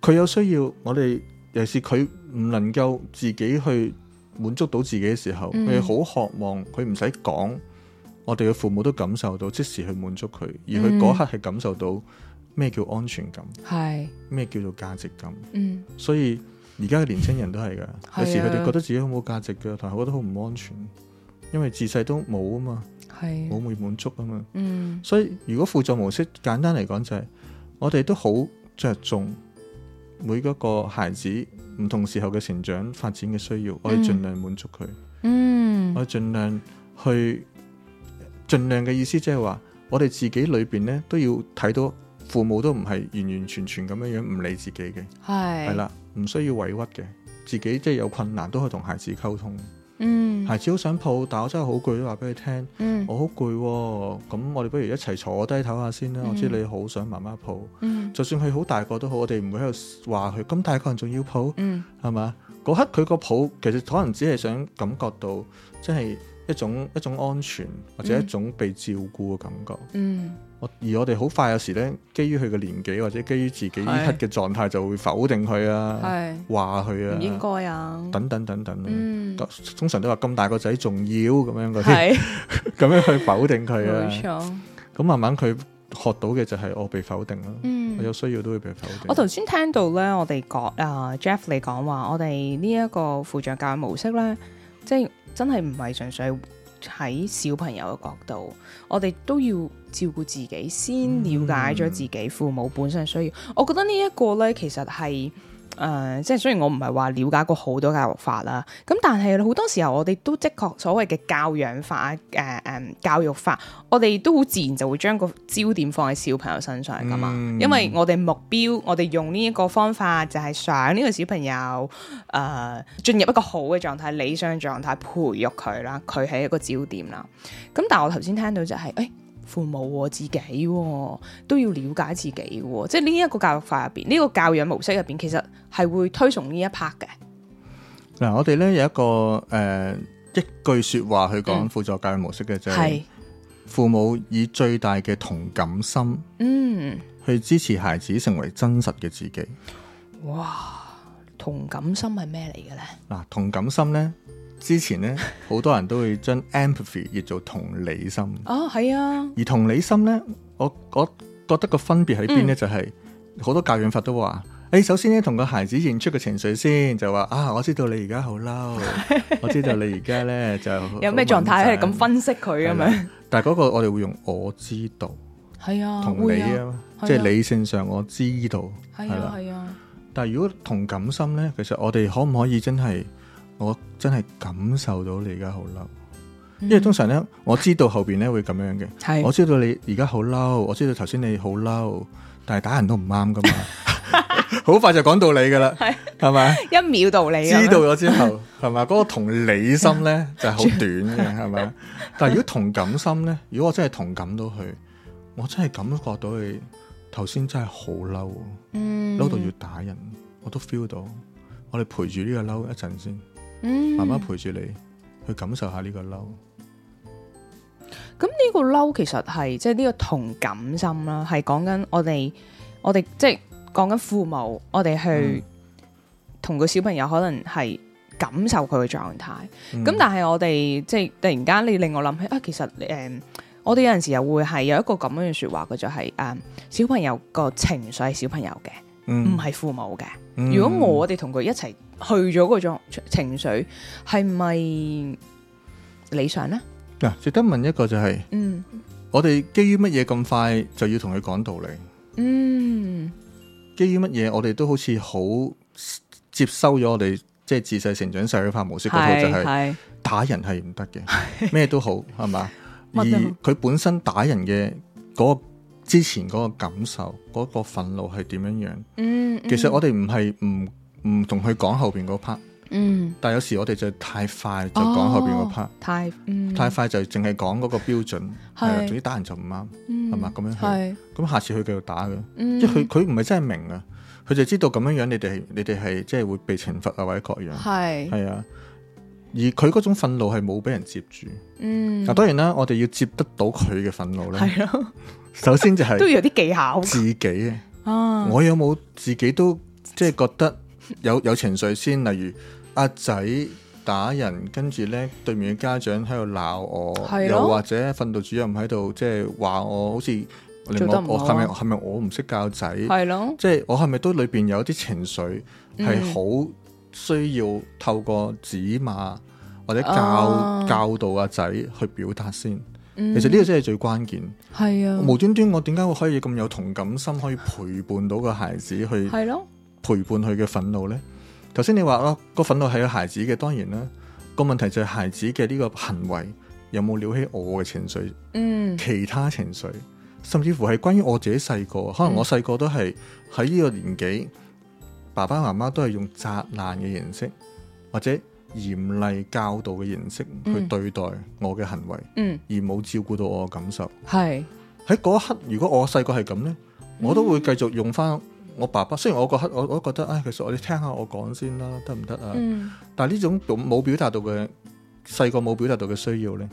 佢有需要我，我哋尤其是佢唔能夠自己去滿足到自己嘅時候，佢好、嗯、渴望，佢唔使講，我哋嘅父母都感受到即時去滿足佢，而佢嗰刻係感受到咩叫安全感，係咩、嗯、叫做價值感，嗯，所以。而家嘅年青人都係噶，有、啊、時佢哋覺得自己好冇價值嘅，同埋覺得好唔安全，因為自細都冇啊嘛，冇會、啊、滿足啊嘛，嗯、所以如果輔助模式簡單嚟講就係、是，我哋都好着重每一個孩子唔同時候嘅成長發展嘅需要，我哋盡量滿足佢，嗯、我盡量去，盡量嘅意思即係話，我哋自己裏邊咧都要睇到。父母都唔係完完全全咁樣樣唔理自己嘅，係係啦，唔需要委屈嘅。自己即係有困難，都可以同孩子溝通。嗯，孩子好想抱，但我真係好攰，都話俾佢聽。嗯，我好攰、喎，咁我哋不如一齊坐低唞下先啦。嗯、我知你好想媽媽抱，嗯、就算佢好大個都好，我哋唔會喺度話佢咁大個人仲要抱，係嘛、嗯？嗰、那個、刻佢個抱，其實可能只係想感覺到，即係。一種一種安全或者一種被照顧嘅感覺。嗯，而我哋好快有時咧，基於佢嘅年紀或者基於自己呢一刻嘅狀態，是就會否定佢啊，話佢啊，他應該啊，等等等等。等等嗯、通常都話咁大個仔仲要咁樣嗰啲，咁、嗯、 (laughs) 樣去否定佢啊。咁 (laughs) 錯慢慢佢學到嘅就係我被否定囉。嗯、我有需要都會被否定。我頭先聽到咧，我哋講啊 Jeff 你講話，我哋呢一個父教教養模式咧，即係。真係唔係純粹喺小朋友嘅角度，我哋都要照顧自己，先了解咗自己父母本身嘅需要。我覺得呢一個呢，其實係。誒、呃，即係雖然我唔係話了解過好多教育法啦，咁但係好多時候我哋都謂的確所謂嘅教養法，誒、呃、誒，教育法，我哋都好自然就會將個焦點放喺小朋友身上噶嘛。嗯、因為我哋目標，我哋用呢一個方法就係想呢個小朋友誒進、呃、入一個好嘅狀態、理想嘅狀態，培育佢啦，佢係一個焦點啦。咁但係我頭先聽到就係、是、誒。欸父母自己、哦、都要了解自己、哦，即係呢一個教育法入邊，呢、這個教養模式入邊，其實係會推崇呢一 part 嘅。嗱、嗯，我哋咧有一個誒、呃、一句說話去講輔助教育模式嘅，就係、嗯、父母以最大嘅同感心，嗯，去支持孩子成為真實嘅自己。哇，同感心係咩嚟嘅咧？嗱，同感心咧。之前咧，好多人都會將 empathy 譯做同理心。啊，係啊。而同理心咧，我我覺得個分別喺邊咧？就係好多教養法都話，誒、欸，首先咧，同個孩子認出個情緒先，就話啊，material, (laughs) 我知道你而家好嬲，我知道你而家咧就有咩狀態咧，咁 勝 enda 分析佢咁樣。但係嗰個我哋會用我知道，係啊，同理啊，即係理性上我知道，係啊係啊。但係如果同感心咧，其實我哋可唔可以真係？我真係感受到你而家好嬲，嗯、因為通常咧，我知道後邊咧會咁樣嘅，係是我知道你而家好嬲，我知道頭先你好嬲，但係打人都唔啱噶嘛，好 (laughs) (laughs) 快就講道理噶啦，係咪是？吧 (laughs) 一秒道理，知道咗之後係咪？嗰、 (laughs) 嗰個同理心咧就係、是、好短嘅，係咪？但係如果同感心咧，如果我真係同感到佢，我真係感覺到你頭先真係好嬲，嬲到、嗯、要打人，我都 feel 到，我哋陪住呢個嬲一陣先。媽媽、嗯、陪住你去感受下呢個嬲，咁呢、嗯、個嬲其實係即係呢個同感心啦、啊，係講緊我哋我哋即係講緊父母，我哋去、嗯、同個小朋友可能係感受佢嘅狀態。咁、嗯、但係我哋即係突然間，你令我諗起啊，其實誒、嗯，我哋有陣時又會係有一個咁樣嘅說話佢就係、是、誒、嗯，小朋友個情緒，係小朋友嘅。唔係、嗯、父母嘅，嗯、如果我哋同佢一齊去咗嗰種情緒，係咪理想呢？嗱、啊，值得問一個就係、是，嗯，我哋基於乜嘢咁快就要同佢講道理？嗯，基於乜嘢？我哋都好似好接收咗我哋即係自細成長社會化模式嗰套是就係打人係唔得嘅，咩是都好係嘛？ (laughs) 而佢本身打人嘅嗰、嗰個。之前嗰個感受，嗰個憤怒係點樣樣？嗯，其實我哋唔係唔唔同佢講後邊嗰 part。嗯，但有時我哋就太快就講後邊嗰 part，太太快就淨係講嗰個標準，係啊，總之打人就唔啱，係嘛，咁樣去。咁下次佢繼續打嘅，即係佢佢唔係真係明啊，佢就知道咁樣樣你哋你哋係即係會被懲罰啊或者各樣係係啊。而佢嗰種憤怒係冇俾人接住，嗯，嗱，當然啦，我哋要接得到佢嘅憤怒咧，係咯，啊，首先就係都要有啲技巧，自己嘅，啊，我有冇自己都即係覺得有有情緒先，例如阿仔打人，跟住咧對面嘅家長喺度鬧我，啊，又或者訓導主任喺度即係話我，好似做得唔好，係咪係咪我唔識教仔，係咯，即係我係咪都裏邊有啲情緒係好？嗯需要透過指罵或者教、啊、教導阿仔去表達先，嗯、其實呢個真係最關鍵。係啊，無端端我點解可以咁有同感心，可以陪伴到個孩子去？係咯，陪伴佢嘅憤怒咧。頭先、啊、你話咯，個憤怒係個孩子嘅，當然啦。個問題就係孩子嘅呢個行為有冇撩起我嘅情緒？嗯，其他情緒，甚至乎係關於我自己細個，可能我細個都係喺呢個年紀。爸爸、媽媽都係用責難嘅形式，或者嚴厲教導嘅形式去對待我嘅行為，嗯、而冇照顧到我嘅感受。係喺嗰一刻，如果我細個係咁咧，我都會繼續用翻我爸爸。嗯、雖然我嗰刻我我都覺得，唉，其實我哋聽下我講先啦，得唔得啊？嗯、但係呢種冇表達到嘅細個冇表達到嘅需要咧，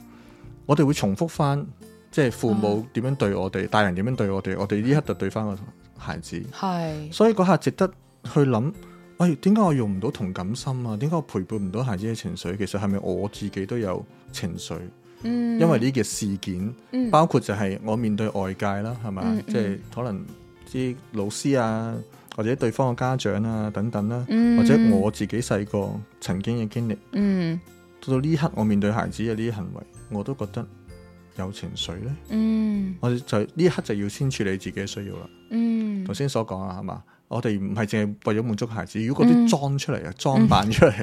我哋會重複翻，即、就、係、是、父母點樣對我哋，啊、大人點樣對我哋，我哋呢刻就對翻個孩子。係是，所以嗰刻值得，去諗，哎，點解我用唔到同感心啊？點解我陪伴唔到孩子嘅情緒？其實係咪我自己都有情緒？嗯，因為呢件事件，嗯、包括就係我面對外界啦，係嘛，即係、嗯嗯、可能啲老師啊，或者對方嘅家長啊等等啦、啊、嗯、或者我自己細個曾經嘅經歷，嗯，到到呢刻我面對孩子嘅呢啲行為，我都覺得有情緒咧，嗯，我就呢刻就要先處理自己嘅需要啦，嗯，頭先、嗯、所講啊，係嘛。我哋唔係淨係為咗滿足孩子，如果啲裝出嚟啊，裝扮、嗯、出嚟，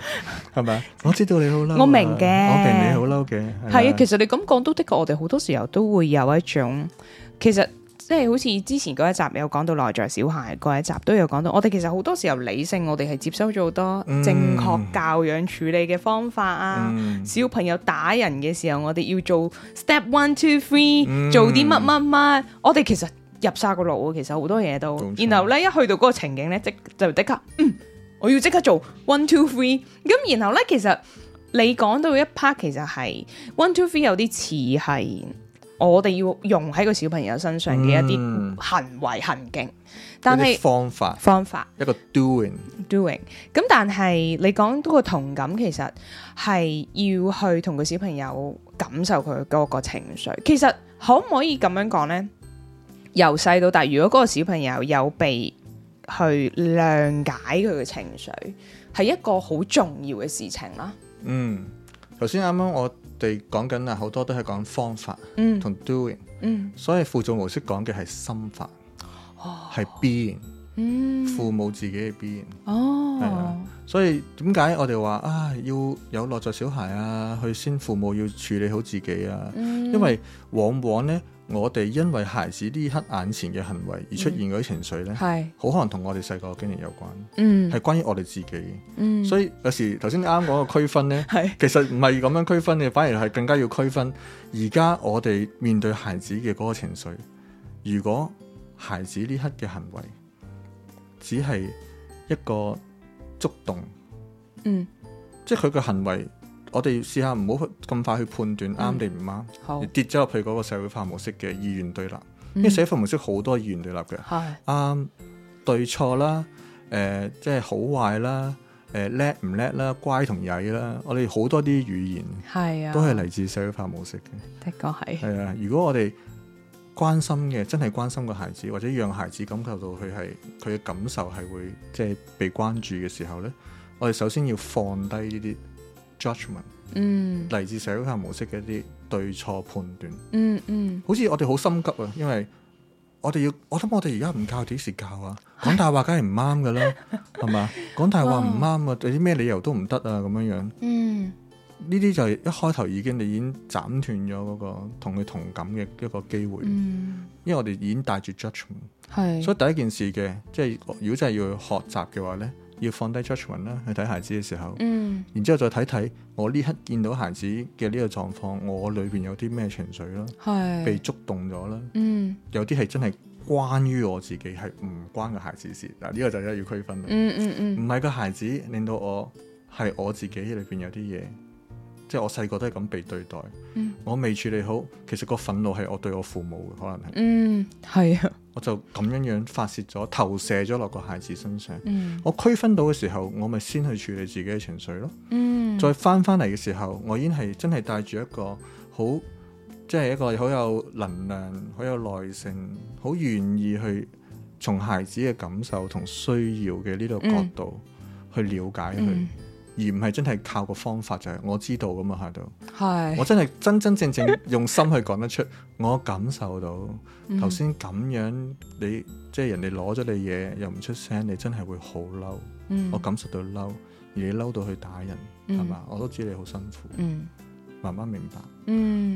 係咪、嗯？ (laughs) 我知道你好嬲，我明嘅，我明你好嬲嘅。係啊，其實你咁講都的確，我哋好多時候都會有一種，其實即係好似之前嗰一集有講到內在小孩，嗰一集都有講到，我哋其實好多時候理性，我哋係接收咗好多正確教養處理嘅方法啊。嗯、小朋友打人嘅時候，我哋要做 step one two three、嗯、做啲乜乜乜，我哋其實。入晒個路，其實好多嘢都。錯然後咧，一去到嗰個情景咧，即就即刻，嗯，我要即刻做 one two three。咁然後咧，其實你講到一 part，其實係 one two three 有啲似係我哋要用喺個小朋友身上嘅一啲行為行徑，嗯、但係是方法方法一個 doing doing。咁但係你講到個同感，其實係要去同個小朋友感受佢嗰個情緒。其實可唔可以咁樣講咧？由細到大，如果嗰個小朋友有被去諒解佢嘅情緒，係一個好重要嘅事情啦。嗯，頭先啱啱我哋講緊啊，好多都係講方法，同 doing，嗯，和 doing, 嗯所以輔助模式講嘅係心法，哦，係 being、嗯、父母自己嘅 being 哦，係啊，所以點解我哋話啊要有內在小孩啊，去先父母要處理好自己啊，嗯、因為往往呢。我哋因為孩子呢刻眼前嘅行為而出現嗰啲情緒咧，好、嗯、可能同我哋細個經歷有關，係、嗯、關於我哋自己嘅，嗯、所以有時頭先你啱講個區分咧，是其實唔係咁樣區分嘅，反而係更加要區分而家我哋面對孩子嘅嗰個情緒。如果孩子呢刻嘅行為只係一個觸動，嗯，即係佢嘅行為。我哋試下唔好咁快去判斷啱定唔啱，嗯、好而跌咗入去嗰個社會化模式嘅二元對立。嗯、因為社會化模式好多二元對立嘅，啱的、嗯、對錯啦，誒即係好壞啦，誒、呃、叻唔叻啦，乖同曳啦，啦，啦，我哋好多啲語言都係嚟自社會化模式嘅。的確係。係啊、呃，如果我哋關心嘅真係關心個孩子，或者讓孩子感受到佢係佢嘅感受係會即係、就是、被關注嘅時候咧，我哋首先要放低呢啲。judgment 嚟、嗯、自社會化模式嘅一啲對錯判斷、嗯，嗯嗯，好似我哋好心急啊，因為我哋要，我諗我哋而家唔教幾時教啊，講大話梗係唔啱㗎啦，係嘛？ (laughs) 講大話唔啱啊，有啲咩理由都唔得啊，咁樣樣，嗯，呢啲就係一開頭已經你已經斬斷咗嗰個同佢同感嘅一個機會，嗯、因為我哋已經帶住 judgment 係，是所以第一件事嘅，即係如果真係要去學習嘅話咧。要放低 judgment 啦，去睇孩子嘅時候，嗯、然之後再睇睇我呢刻見到孩子嘅呢個狀況，我裏邊有啲咩情緒啦，係被觸動咗啦，嗯、有啲係真係關於我自己係唔關個孩子事，嗱呢個就一定要區分。嗯嗯嗯，唔係個孩子令到我係我自己裏邊有啲嘢，即係我細個都係咁被對待，嗯、我未處理好，其實個憤怒係我對我父母嘅可能係。嗯，係啊。我就咁樣樣發泄咗，投射咗落個孩子身上。嗯、我區分到嘅時候，我咪先去處理自己嘅情緒咯。嗯、再翻翻嚟嘅時候，我已經係真係帶住一個好，即、就、係、是、一個好有能量、好有耐性、好願意去從孩子嘅感受同需要嘅呢個角度去了解佢。嗯嗯嗯而唔係真係靠個方法就係我知道㗎嘛。喺度，我真係真真正正用心去講得出，我感受到頭先咁樣你即係人哋攞咗你嘢又唔出聲，你真係會好嬲，我感受到嬲，而你嬲到去打人係嘛？我都知你好辛苦，慢慢明白，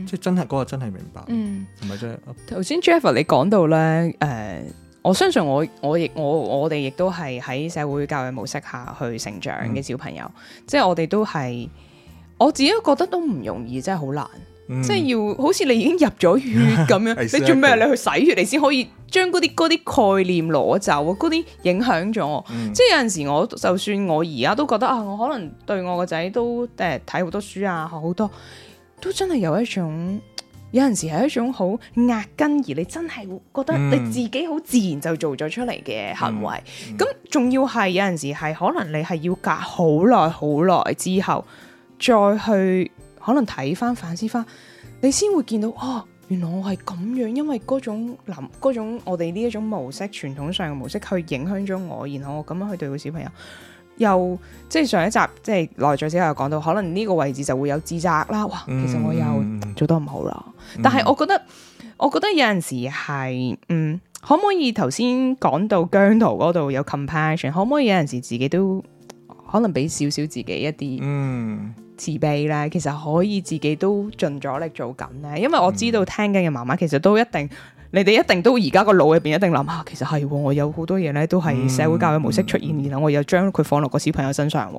即係真係嗰個真係明白，唔係即係頭先 Jeff 你講到咧誒。我相信我我亦我我哋亦都係喺社會教育模式下去成長嘅小朋友，嗯、即係我哋都係我自己都覺得都唔容易，真係好難，嗯、即係要好似你已經入咗血咁樣， (laughs) 你做咩 (laughs) 你去洗血你先可以將嗰啲啲概念攞走嗰啲影響咗，我、嗯。即係有陣時我就算我而家都覺得啊，我可能對我個仔都誒睇好多書啊，學好多，都真係有一種。有陣時係一種好壓根，而你真係會覺得你自己好自然就做咗出嚟嘅行為。咁仲、嗯嗯、要係有陣時係可能你係要隔好耐好耐之後，再去可能睇翻反思翻，你先會見到哦，原來我係咁樣，因為嗰種諗嗰種我哋呢一種模式，傳統上嘅模式去影響咗我，然後我咁樣去對個小朋友。又即係上一集即係內在小又講到，可能呢個位置就會有自責啦。哇，其實我又、嗯、做得唔好啦。但係我覺得，我覺得有陣時係，嗯，可唔可以頭先講到姜濤嗰度有 compassion？可唔可以有陣時自己都可能俾少少自己一啲慈悲咧？其實可以自己都盡咗力做緊咧，因為我知道聽緊嘅媽媽其實都一定。你哋一定都而家個腦入邊一定諗下、啊，其實係、啊、我有好多嘢咧，都係社會教育模式出現。嗯嗯、然後我又將佢放落個小朋友身上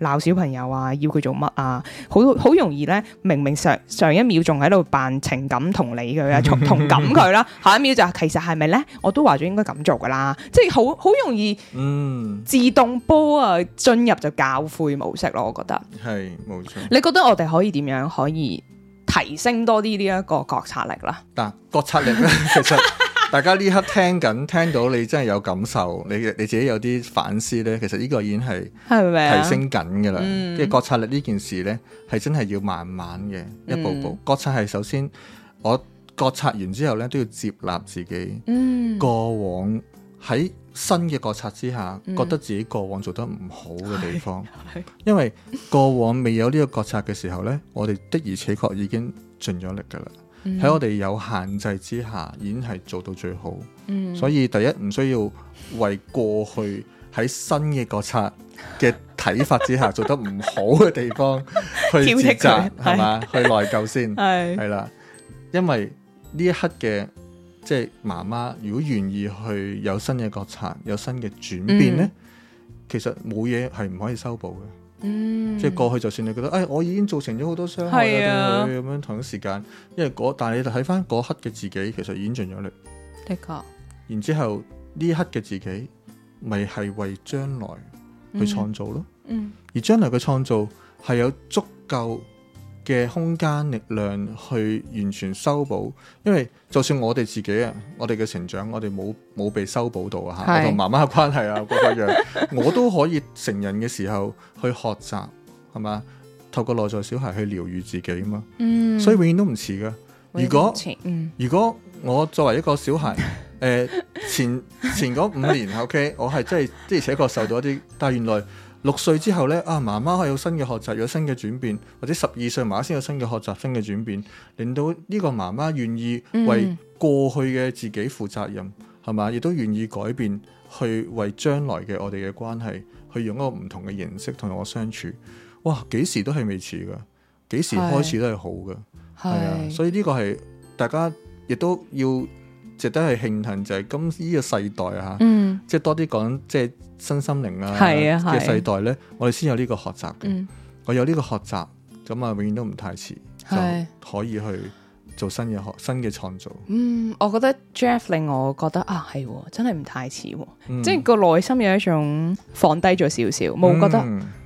鬧小朋友啊，要佢做乜啊，好好容易咧。明明上上一秒仲喺度扮情感同理佢，同感佢啦， (laughs) 下一秒就其實係咪咧？我都話咗應該咁做噶啦，即係好好容易、啊，嗯，自動波啊，進入就教誨模式咯。我覺得係冇錯。錯你覺得我哋可以點樣可以？提升多啲呢一個覺察力啦。但、啊、覺察力咧，其實大家呢刻聽緊， (laughs) 聽到你真係有感受，你你自己有啲反思咧，其實呢個已經係提升緊㗎啦。即係、嗯、覺察力呢件事咧，係真係要慢慢嘅，一步步。嗯、覺察係首先，我覺察完之後咧，都要接納自己。嗯，過往喺新嘅覺察之下，嗯、覺得自己過往做得唔好嘅地方，因為過往未有呢個覺察嘅時候呢，我哋的而且確已經盡咗力㗎喇，喺、嗯、我哋有限制之下，已經係做到最好。嗯、所以第一唔需要為過去喺新嘅覺察嘅睇法之下做得唔好嘅地方去自責，係嘛？ (laughs) (laughs) (laughs) 去內疚先係啦，因為呢一刻嘅。即係媽媽，如果願意去有新嘅覺察，有新嘅轉變呢，嗯、其實冇嘢係唔可以修補嘅。嗯，即係過去就算你覺得，哎，我已經造成咗好多傷害啦、啊，咁樣、啊、同一時間，因為嗰但係你睇翻嗰刻嘅自己，其實已經盡咗力。的確。然之後呢刻嘅自己，咪、就、係、是、為將來去創造咯。嗯。嗯，而將來嘅創造係有足夠嘅空間力量去完全修補，因為就算我哋自己啊，我哋嘅成長，我哋冇冇被修補到啊！吓是，同媽媽嘅關係啊，各樣，我都可以成人嘅時候去學習，係嘛？透過內在小孩去療癒自己啊嘛，嗯、所以永遠都唔遲噶。遲如果、嗯、如果我作為一個小孩，誒、 (laughs) 呃，前前嗰五年，OK，我係真係即係的確受到一啲，但係原來。六歲之後呢，啊，媽媽有新嘅學習，有新嘅轉變，或者十二歲媽媽先有新嘅學習，新嘅轉變，令到呢個媽媽願意為過去嘅自己負責任，係嘛、嗯，亦都願意改變，去為將來嘅我哋嘅關係，去用一個唔同嘅形式同我相處。哇，幾時都係未遲噶，幾時開始都係好噶，係是啊，是所以呢個係大家亦都要值得去慶幸，就係今呢個世代啊，嗯即係多啲講，即係身心靈啊嘅世代咧，是啊，是啊，我哋先有呢個學習嘅。嗯、我有呢個學習咁是啊，永遠都唔太遲就可以去做新嘅學新嘅創造。嗯，我覺得 Jeff 令我覺得啊，係、啊、真係唔太遲、啊，嗯、即係個內心有一種放低咗少少，冇覺得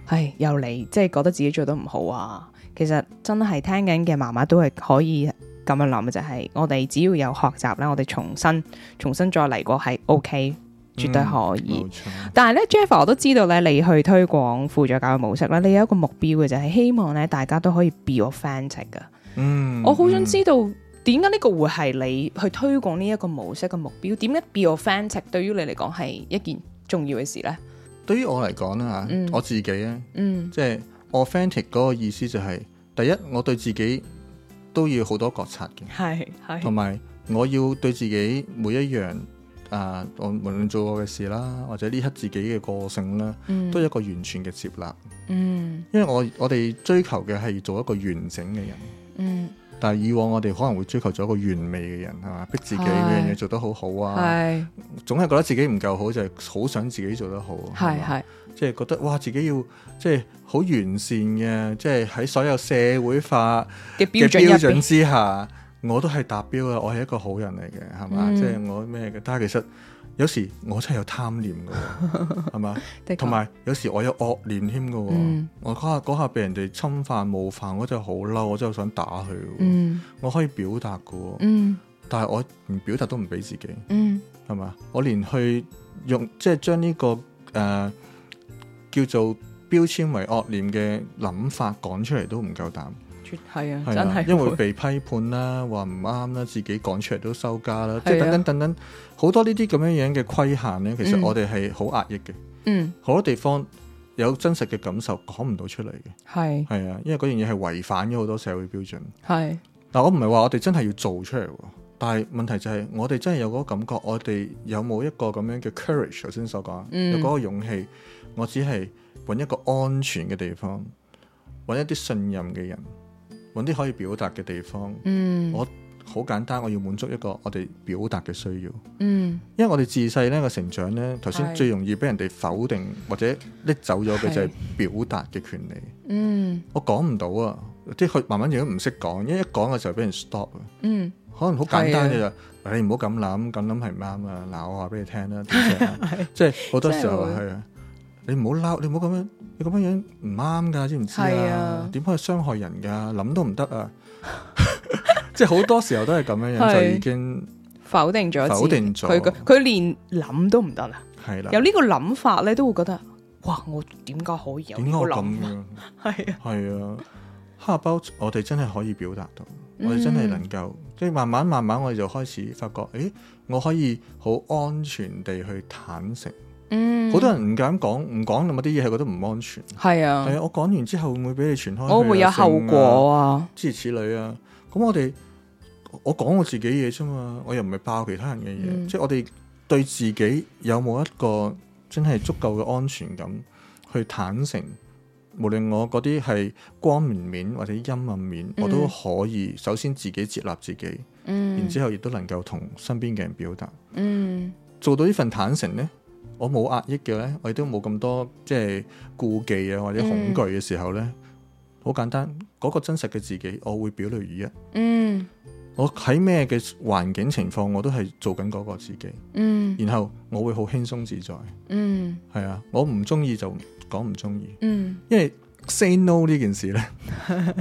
唉、嗯、又嚟，即係覺得自己做得唔好啊。其實真係聽緊嘅，媽媽都係可以咁樣諗嘅，就係、是、我哋只要有學習咧，我哋重新重新再嚟過係 O K。絕對可以，嗯、但係咧，Jeff，、er, 我都知道咧，你去推廣輔助教育模式咧，你有一個目標嘅，就係希望咧，大家都可以 be authentic 噶。嗯，我好想知道點解呢個會係你去推廣呢一個模式嘅目標？點解 be authentic 對於你嚟講係一件重要嘅事呢？對於我嚟講咧，吓、嗯，我自己咧，嗯，即係 authentic 嗰個意思就係、是，第一，我對自己都要好多覺察嘅，係係，同埋我要對自己每一樣。啊！無論我無論做過嘅事啦，或者呢刻自己嘅個性啦，嗯、都有一個完全嘅接納。嗯，因為我我哋追求嘅係做一個完整嘅人。嗯，但係以往我哋可能會追求做一個完美嘅人，係嘛？逼自己樣嘢做得好好啊，係是，總係覺得自己唔夠好，就係、是、好想自己做得好。係係，即係、就是、覺得哇，自己要即係好完善嘅，即係喺所有社會化嘅標準之下。我都係達標呀，我係一個好人嚟嘅，係嘛，嗯、即係我咩嘅？但係其實有時我真係有貪念㗎，係嘛 (laughs) 吧，同埋有時我有惡念添㗎。嗯、我下下俾人哋侵犯冒犯，我真係好嬲，我真係想打佢。嗯、我可以表達㗎，嗯、但係我唔表達都唔俾自己，係嘛、嗯？我連去用即係將呢個誒、呃、叫做標籤為惡念嘅諗法講出嚟都唔夠膽。係啊，真係因為被批判啦，話唔啱啦，自己講出嚟都收家啦，啊、即係等等等等，好多呢啲咁樣樣嘅規限咧。嗯、其實我哋係好壓抑嘅，嗯，好多地方有真實嘅感受講唔到出嚟嘅，係係是啊，因為嗰樣嘢係違反咗好多社會標準。係是但我唔係話我哋真係要做出嚟喎，但係問題就係我哋真係有嗰個感覺，我哋有冇一個咁樣嘅 courage 頭先、嗯、所講，有嗰個勇氣，我只係揾一個安全嘅地方，揾一啲信任嘅人。搵啲可以表達嘅地方，我好簡單，我要滿足一個我哋表達嘅需要。因為我哋自細咧個成長咧，頭先最容易俾人哋否定或者拎走咗嘅就係表達嘅權利。嗯，我講唔到啊，即佢慢慢亦都唔識講，因為一講嘅時候俾人 stop。嗯，可能好簡單嘅就你唔好咁諗，咁諗係唔啱啊！嗱，我話俾你聽啦，點，即係好多時候係啊。你唔好嬲，你唔好咁樣，你咁樣樣唔啱噶，知唔知係啊，傷啊？點可以傷害人噶？諗都唔得啊！即係好多時候都係咁樣樣的就已經否定咗，否定咗佢的個，佢連諗都唔得啦。係啦，有呢個諗法咧，都會覺得哇，我點解可以咁樣諗？係啊，係啊，哈包，我哋真係可以表達到，嗯，我哋真係能夠即係慢慢慢慢，我哋就開始發覺，誒，我可以好安全地去坦誠。嗯，好多人唔敢講，唔講咁啊啲嘢，係覺得唔安全。係啊，係啊、哎，我講完之後會唔會俾你傳開？我會有，啊，會有後果啊，諸如此類啊。咁我哋我講我自己嘢啫嘛，我又唔係爆其他人嘅嘢。嗯、即係我哋對自己有冇一個真係足夠嘅安全感去坦誠，無論我嗰啲係光明面或者陰暗面，嗯、我都可以首先自己接納自己。嗯、然之後亦都能夠同身邊嘅人表達。嗯，做到呢份坦誠咧。我冇壓抑嘅咧，我亦都冇咁多即係顧忌啊，或者恐懼嘅時候咧，好、mm. 簡單，嗰、那個真實嘅自己，我會表露如一。嗯，mm. 我喺咩嘅環境情況，我都係做緊嗰個自己。嗯，mm. 然後我會好輕鬆自在。嗯，係啊，我唔中意就講唔中意。嗯，mm. 因為 say no 呢件事咧，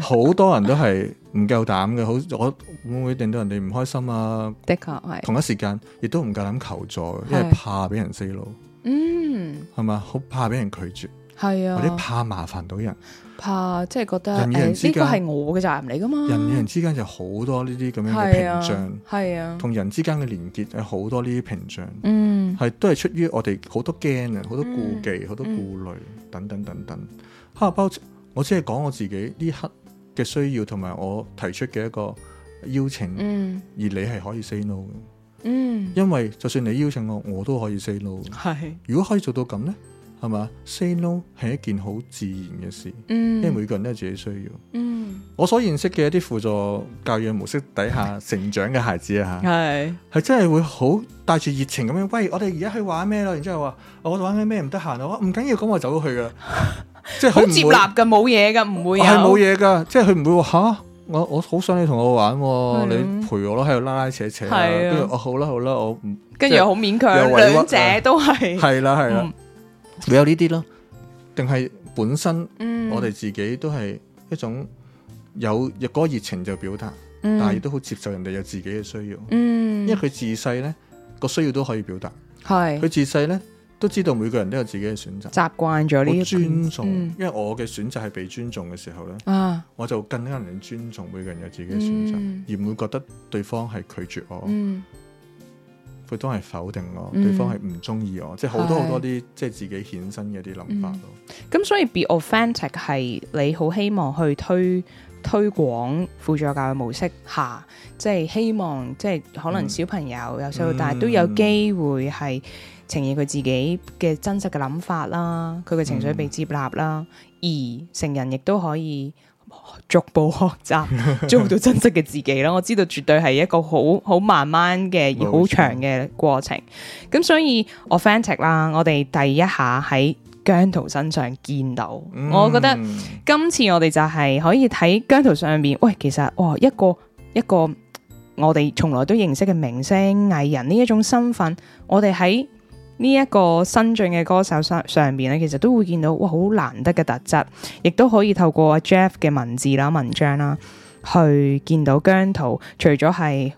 好多人都係。 (laughs) 唔夠膽嘅，好我會唔會令到人哋唔開心啊？的確係，同一時間，亦都唔夠膽求助，因為怕俾人泄露。嗯，係嘛，好怕俾人拒絕。係啊，或者怕麻煩到人，怕即係覺得人與人之間係我嘅責任嚟噶嘛？人與人之間就好多呢啲咁樣嘅屏障，係啊，同人之間嘅連結係好多呢啲屏障。嗯，係都係出於我哋好多驚啊，好多顧忌，好多顧慮，等等等等。吓，包括我只係講我自己呢刻嘅需要同埋我提出嘅一個邀請，嗯、而你係可以 say no 嘅，嗯、因為就算你邀請我，我都可以 say no。係是，如果可以做到咁呢，係嘛？say no 係一件好自然嘅事，嗯、因為每個人都係自己需要。嗯、我所認識嘅一啲輔助教養模式底下、嗯、成長嘅孩子啊，嚇係是，真係會好帶住熱情咁樣，喂，我哋而家去玩咩咯？然之後話，我玩緊咩，唔得閒，我唔緊要，咁我走咗去㗎。 (laughs) 即係好接納嘅，冇嘢嘅，唔會有係冇嘢噶，即係佢唔會話吓，我我好想你同我玩，你陪我咯，喺度拉拉扯扯，跟住我：「好啦好啦，我唔跟住又好勉強，兩者都係係啦係啦，會有呢啲咯，定係本身我哋自己都係一種有熱嗰個熱情就表達，但係亦都好接受人哋有自己嘅需要，嗯，因為佢自細咧個需要都可以表達，係佢自細咧。都知道每個人都有自己嘅選擇，習慣咗呢個尊重，因為我嘅選擇係被尊重嘅時候呢，我就更加嚟尊重每個人有自己嘅選擇，而唔會覺得對方係拒絕我，佢都係否定我，對方係唔中意我，即係好多好多啲即係自己衍生嘅啲諗法咯。咁所以 be authentic 係你好希望去推推廣輔助教嘅模式下，即係希望即係可能小朋友由細到大都有機會係。呈現佢自己嘅真實嘅諗法啦，佢嘅情緒被接納啦，嗯、而成人亦都可以逐步學習 (laughs) 做到真實嘅自己啦。我知道絕對係一個好好慢慢嘅、好長嘅過程。咁錯所以 authentic 啦，我哋第一下喺姜濤身上見到，嗯、我覺得今次我哋就係可以睇姜濤上面。喂，其實哇，一個一個我哋從來都認識嘅明星藝人呢一種身份，我哋喺～呢一個新晉嘅歌手上上邊咧，其實都會見到哇，好難得嘅特質，亦都可以透過 Jeff 嘅文字啦、文章啦，去見到姜濤除咗係，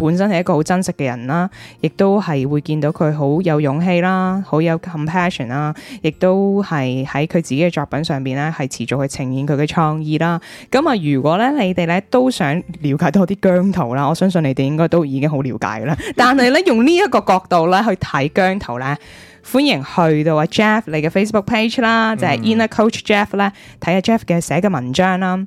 本身係一個好真實嘅人啦，亦都係會見到佢好有勇氣啦，好有 compassion 啦，亦都係喺佢自己嘅作品上邊咧，係持續去呈現佢嘅創意啦。咁啊，如果咧你哋咧都想了解多啲姜濤啦，我相信你哋應該都已經好了解啦。 (laughs) 但係咧，用呢一個角度咧去睇姜濤咧，歡迎去到啊 Jeff 你嘅 Facebook page 啦，就係 Inner Coach Jeff 咧睇啊 Jeff 嘅寫嘅文章啦。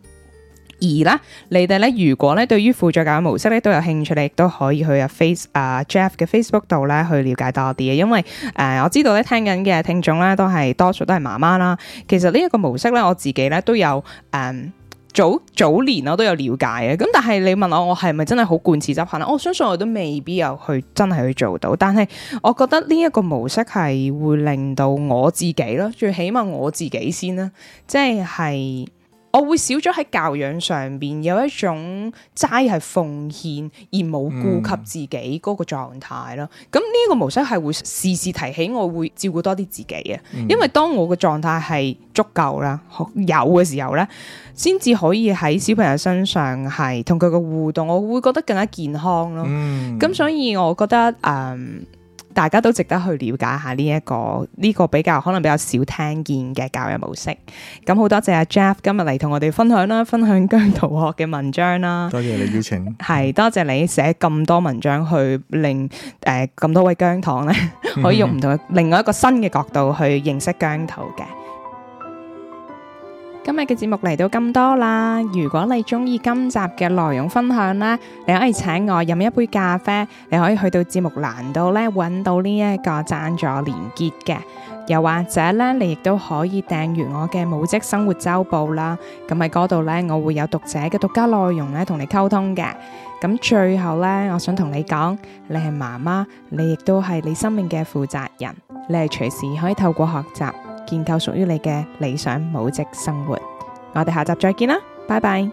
而啦，你哋咧，如果咧對於輔助教嘅模式咧都有興趣，你亦都可以去阿、啊、Face 啊 Jeff 嘅 Facebook 度咧去了解多啲嘅。因為誒、呃，我知道咧聽緊嘅聽眾咧都係多數都係媽媽啦。其實呢一個模式咧，我自己咧都有誒、嗯、早早年我都有了解嘅。咁但係你問我，我是是，我係咪真係好貫徹執行咧？我相信我都未必有去真係去做到。但係我覺得呢一個模式係會令到我自己咯，最起碼我自己先啦，即係。我會少咗喺教養上邊有一種齋係奉獻而冇顧及自己嗰個狀態咯。咁呢、嗯、個模式係會時時提起我會照顧多啲自己嘅，因為當我嘅狀態係足夠啦、有嘅時候咧，先至可以喺小朋友身上係同佢個互動，我會覺得更加健康咯。咁、嗯、所以我覺得誒。Um, 大家都值得去了解下呢一個呢個比較可能比較少聽見嘅教育模式。咁好多謝阿 Jeff 今日嚟同我哋分享啦，分享姜濤學嘅文章啦。多謝你邀請。係，多謝你寫咁多文章去令誒咁多位姜糖咧，可以用唔同嘅另外一個新嘅角度去認識姜濤嘅。今日嘅節目嚟到咁多啦，如果你鍾意今集嘅內容分享呢，你可以請我飲一杯咖啡，你可以去到節目欄度呢搵到呢一個贊助連結嘅，又或者呢，你亦都可以訂閱我嘅母職生活週報啦。咁喺嗰度呢，我會有讀者嘅獨家內容呢同你溝通嘅。咁最後呢，我想同你講，你係媽媽，你亦都係你生命嘅負責人，你係隨時可以透過學習。建構屬於你嘅理想母職生活，我哋下集再見啦，拜拜。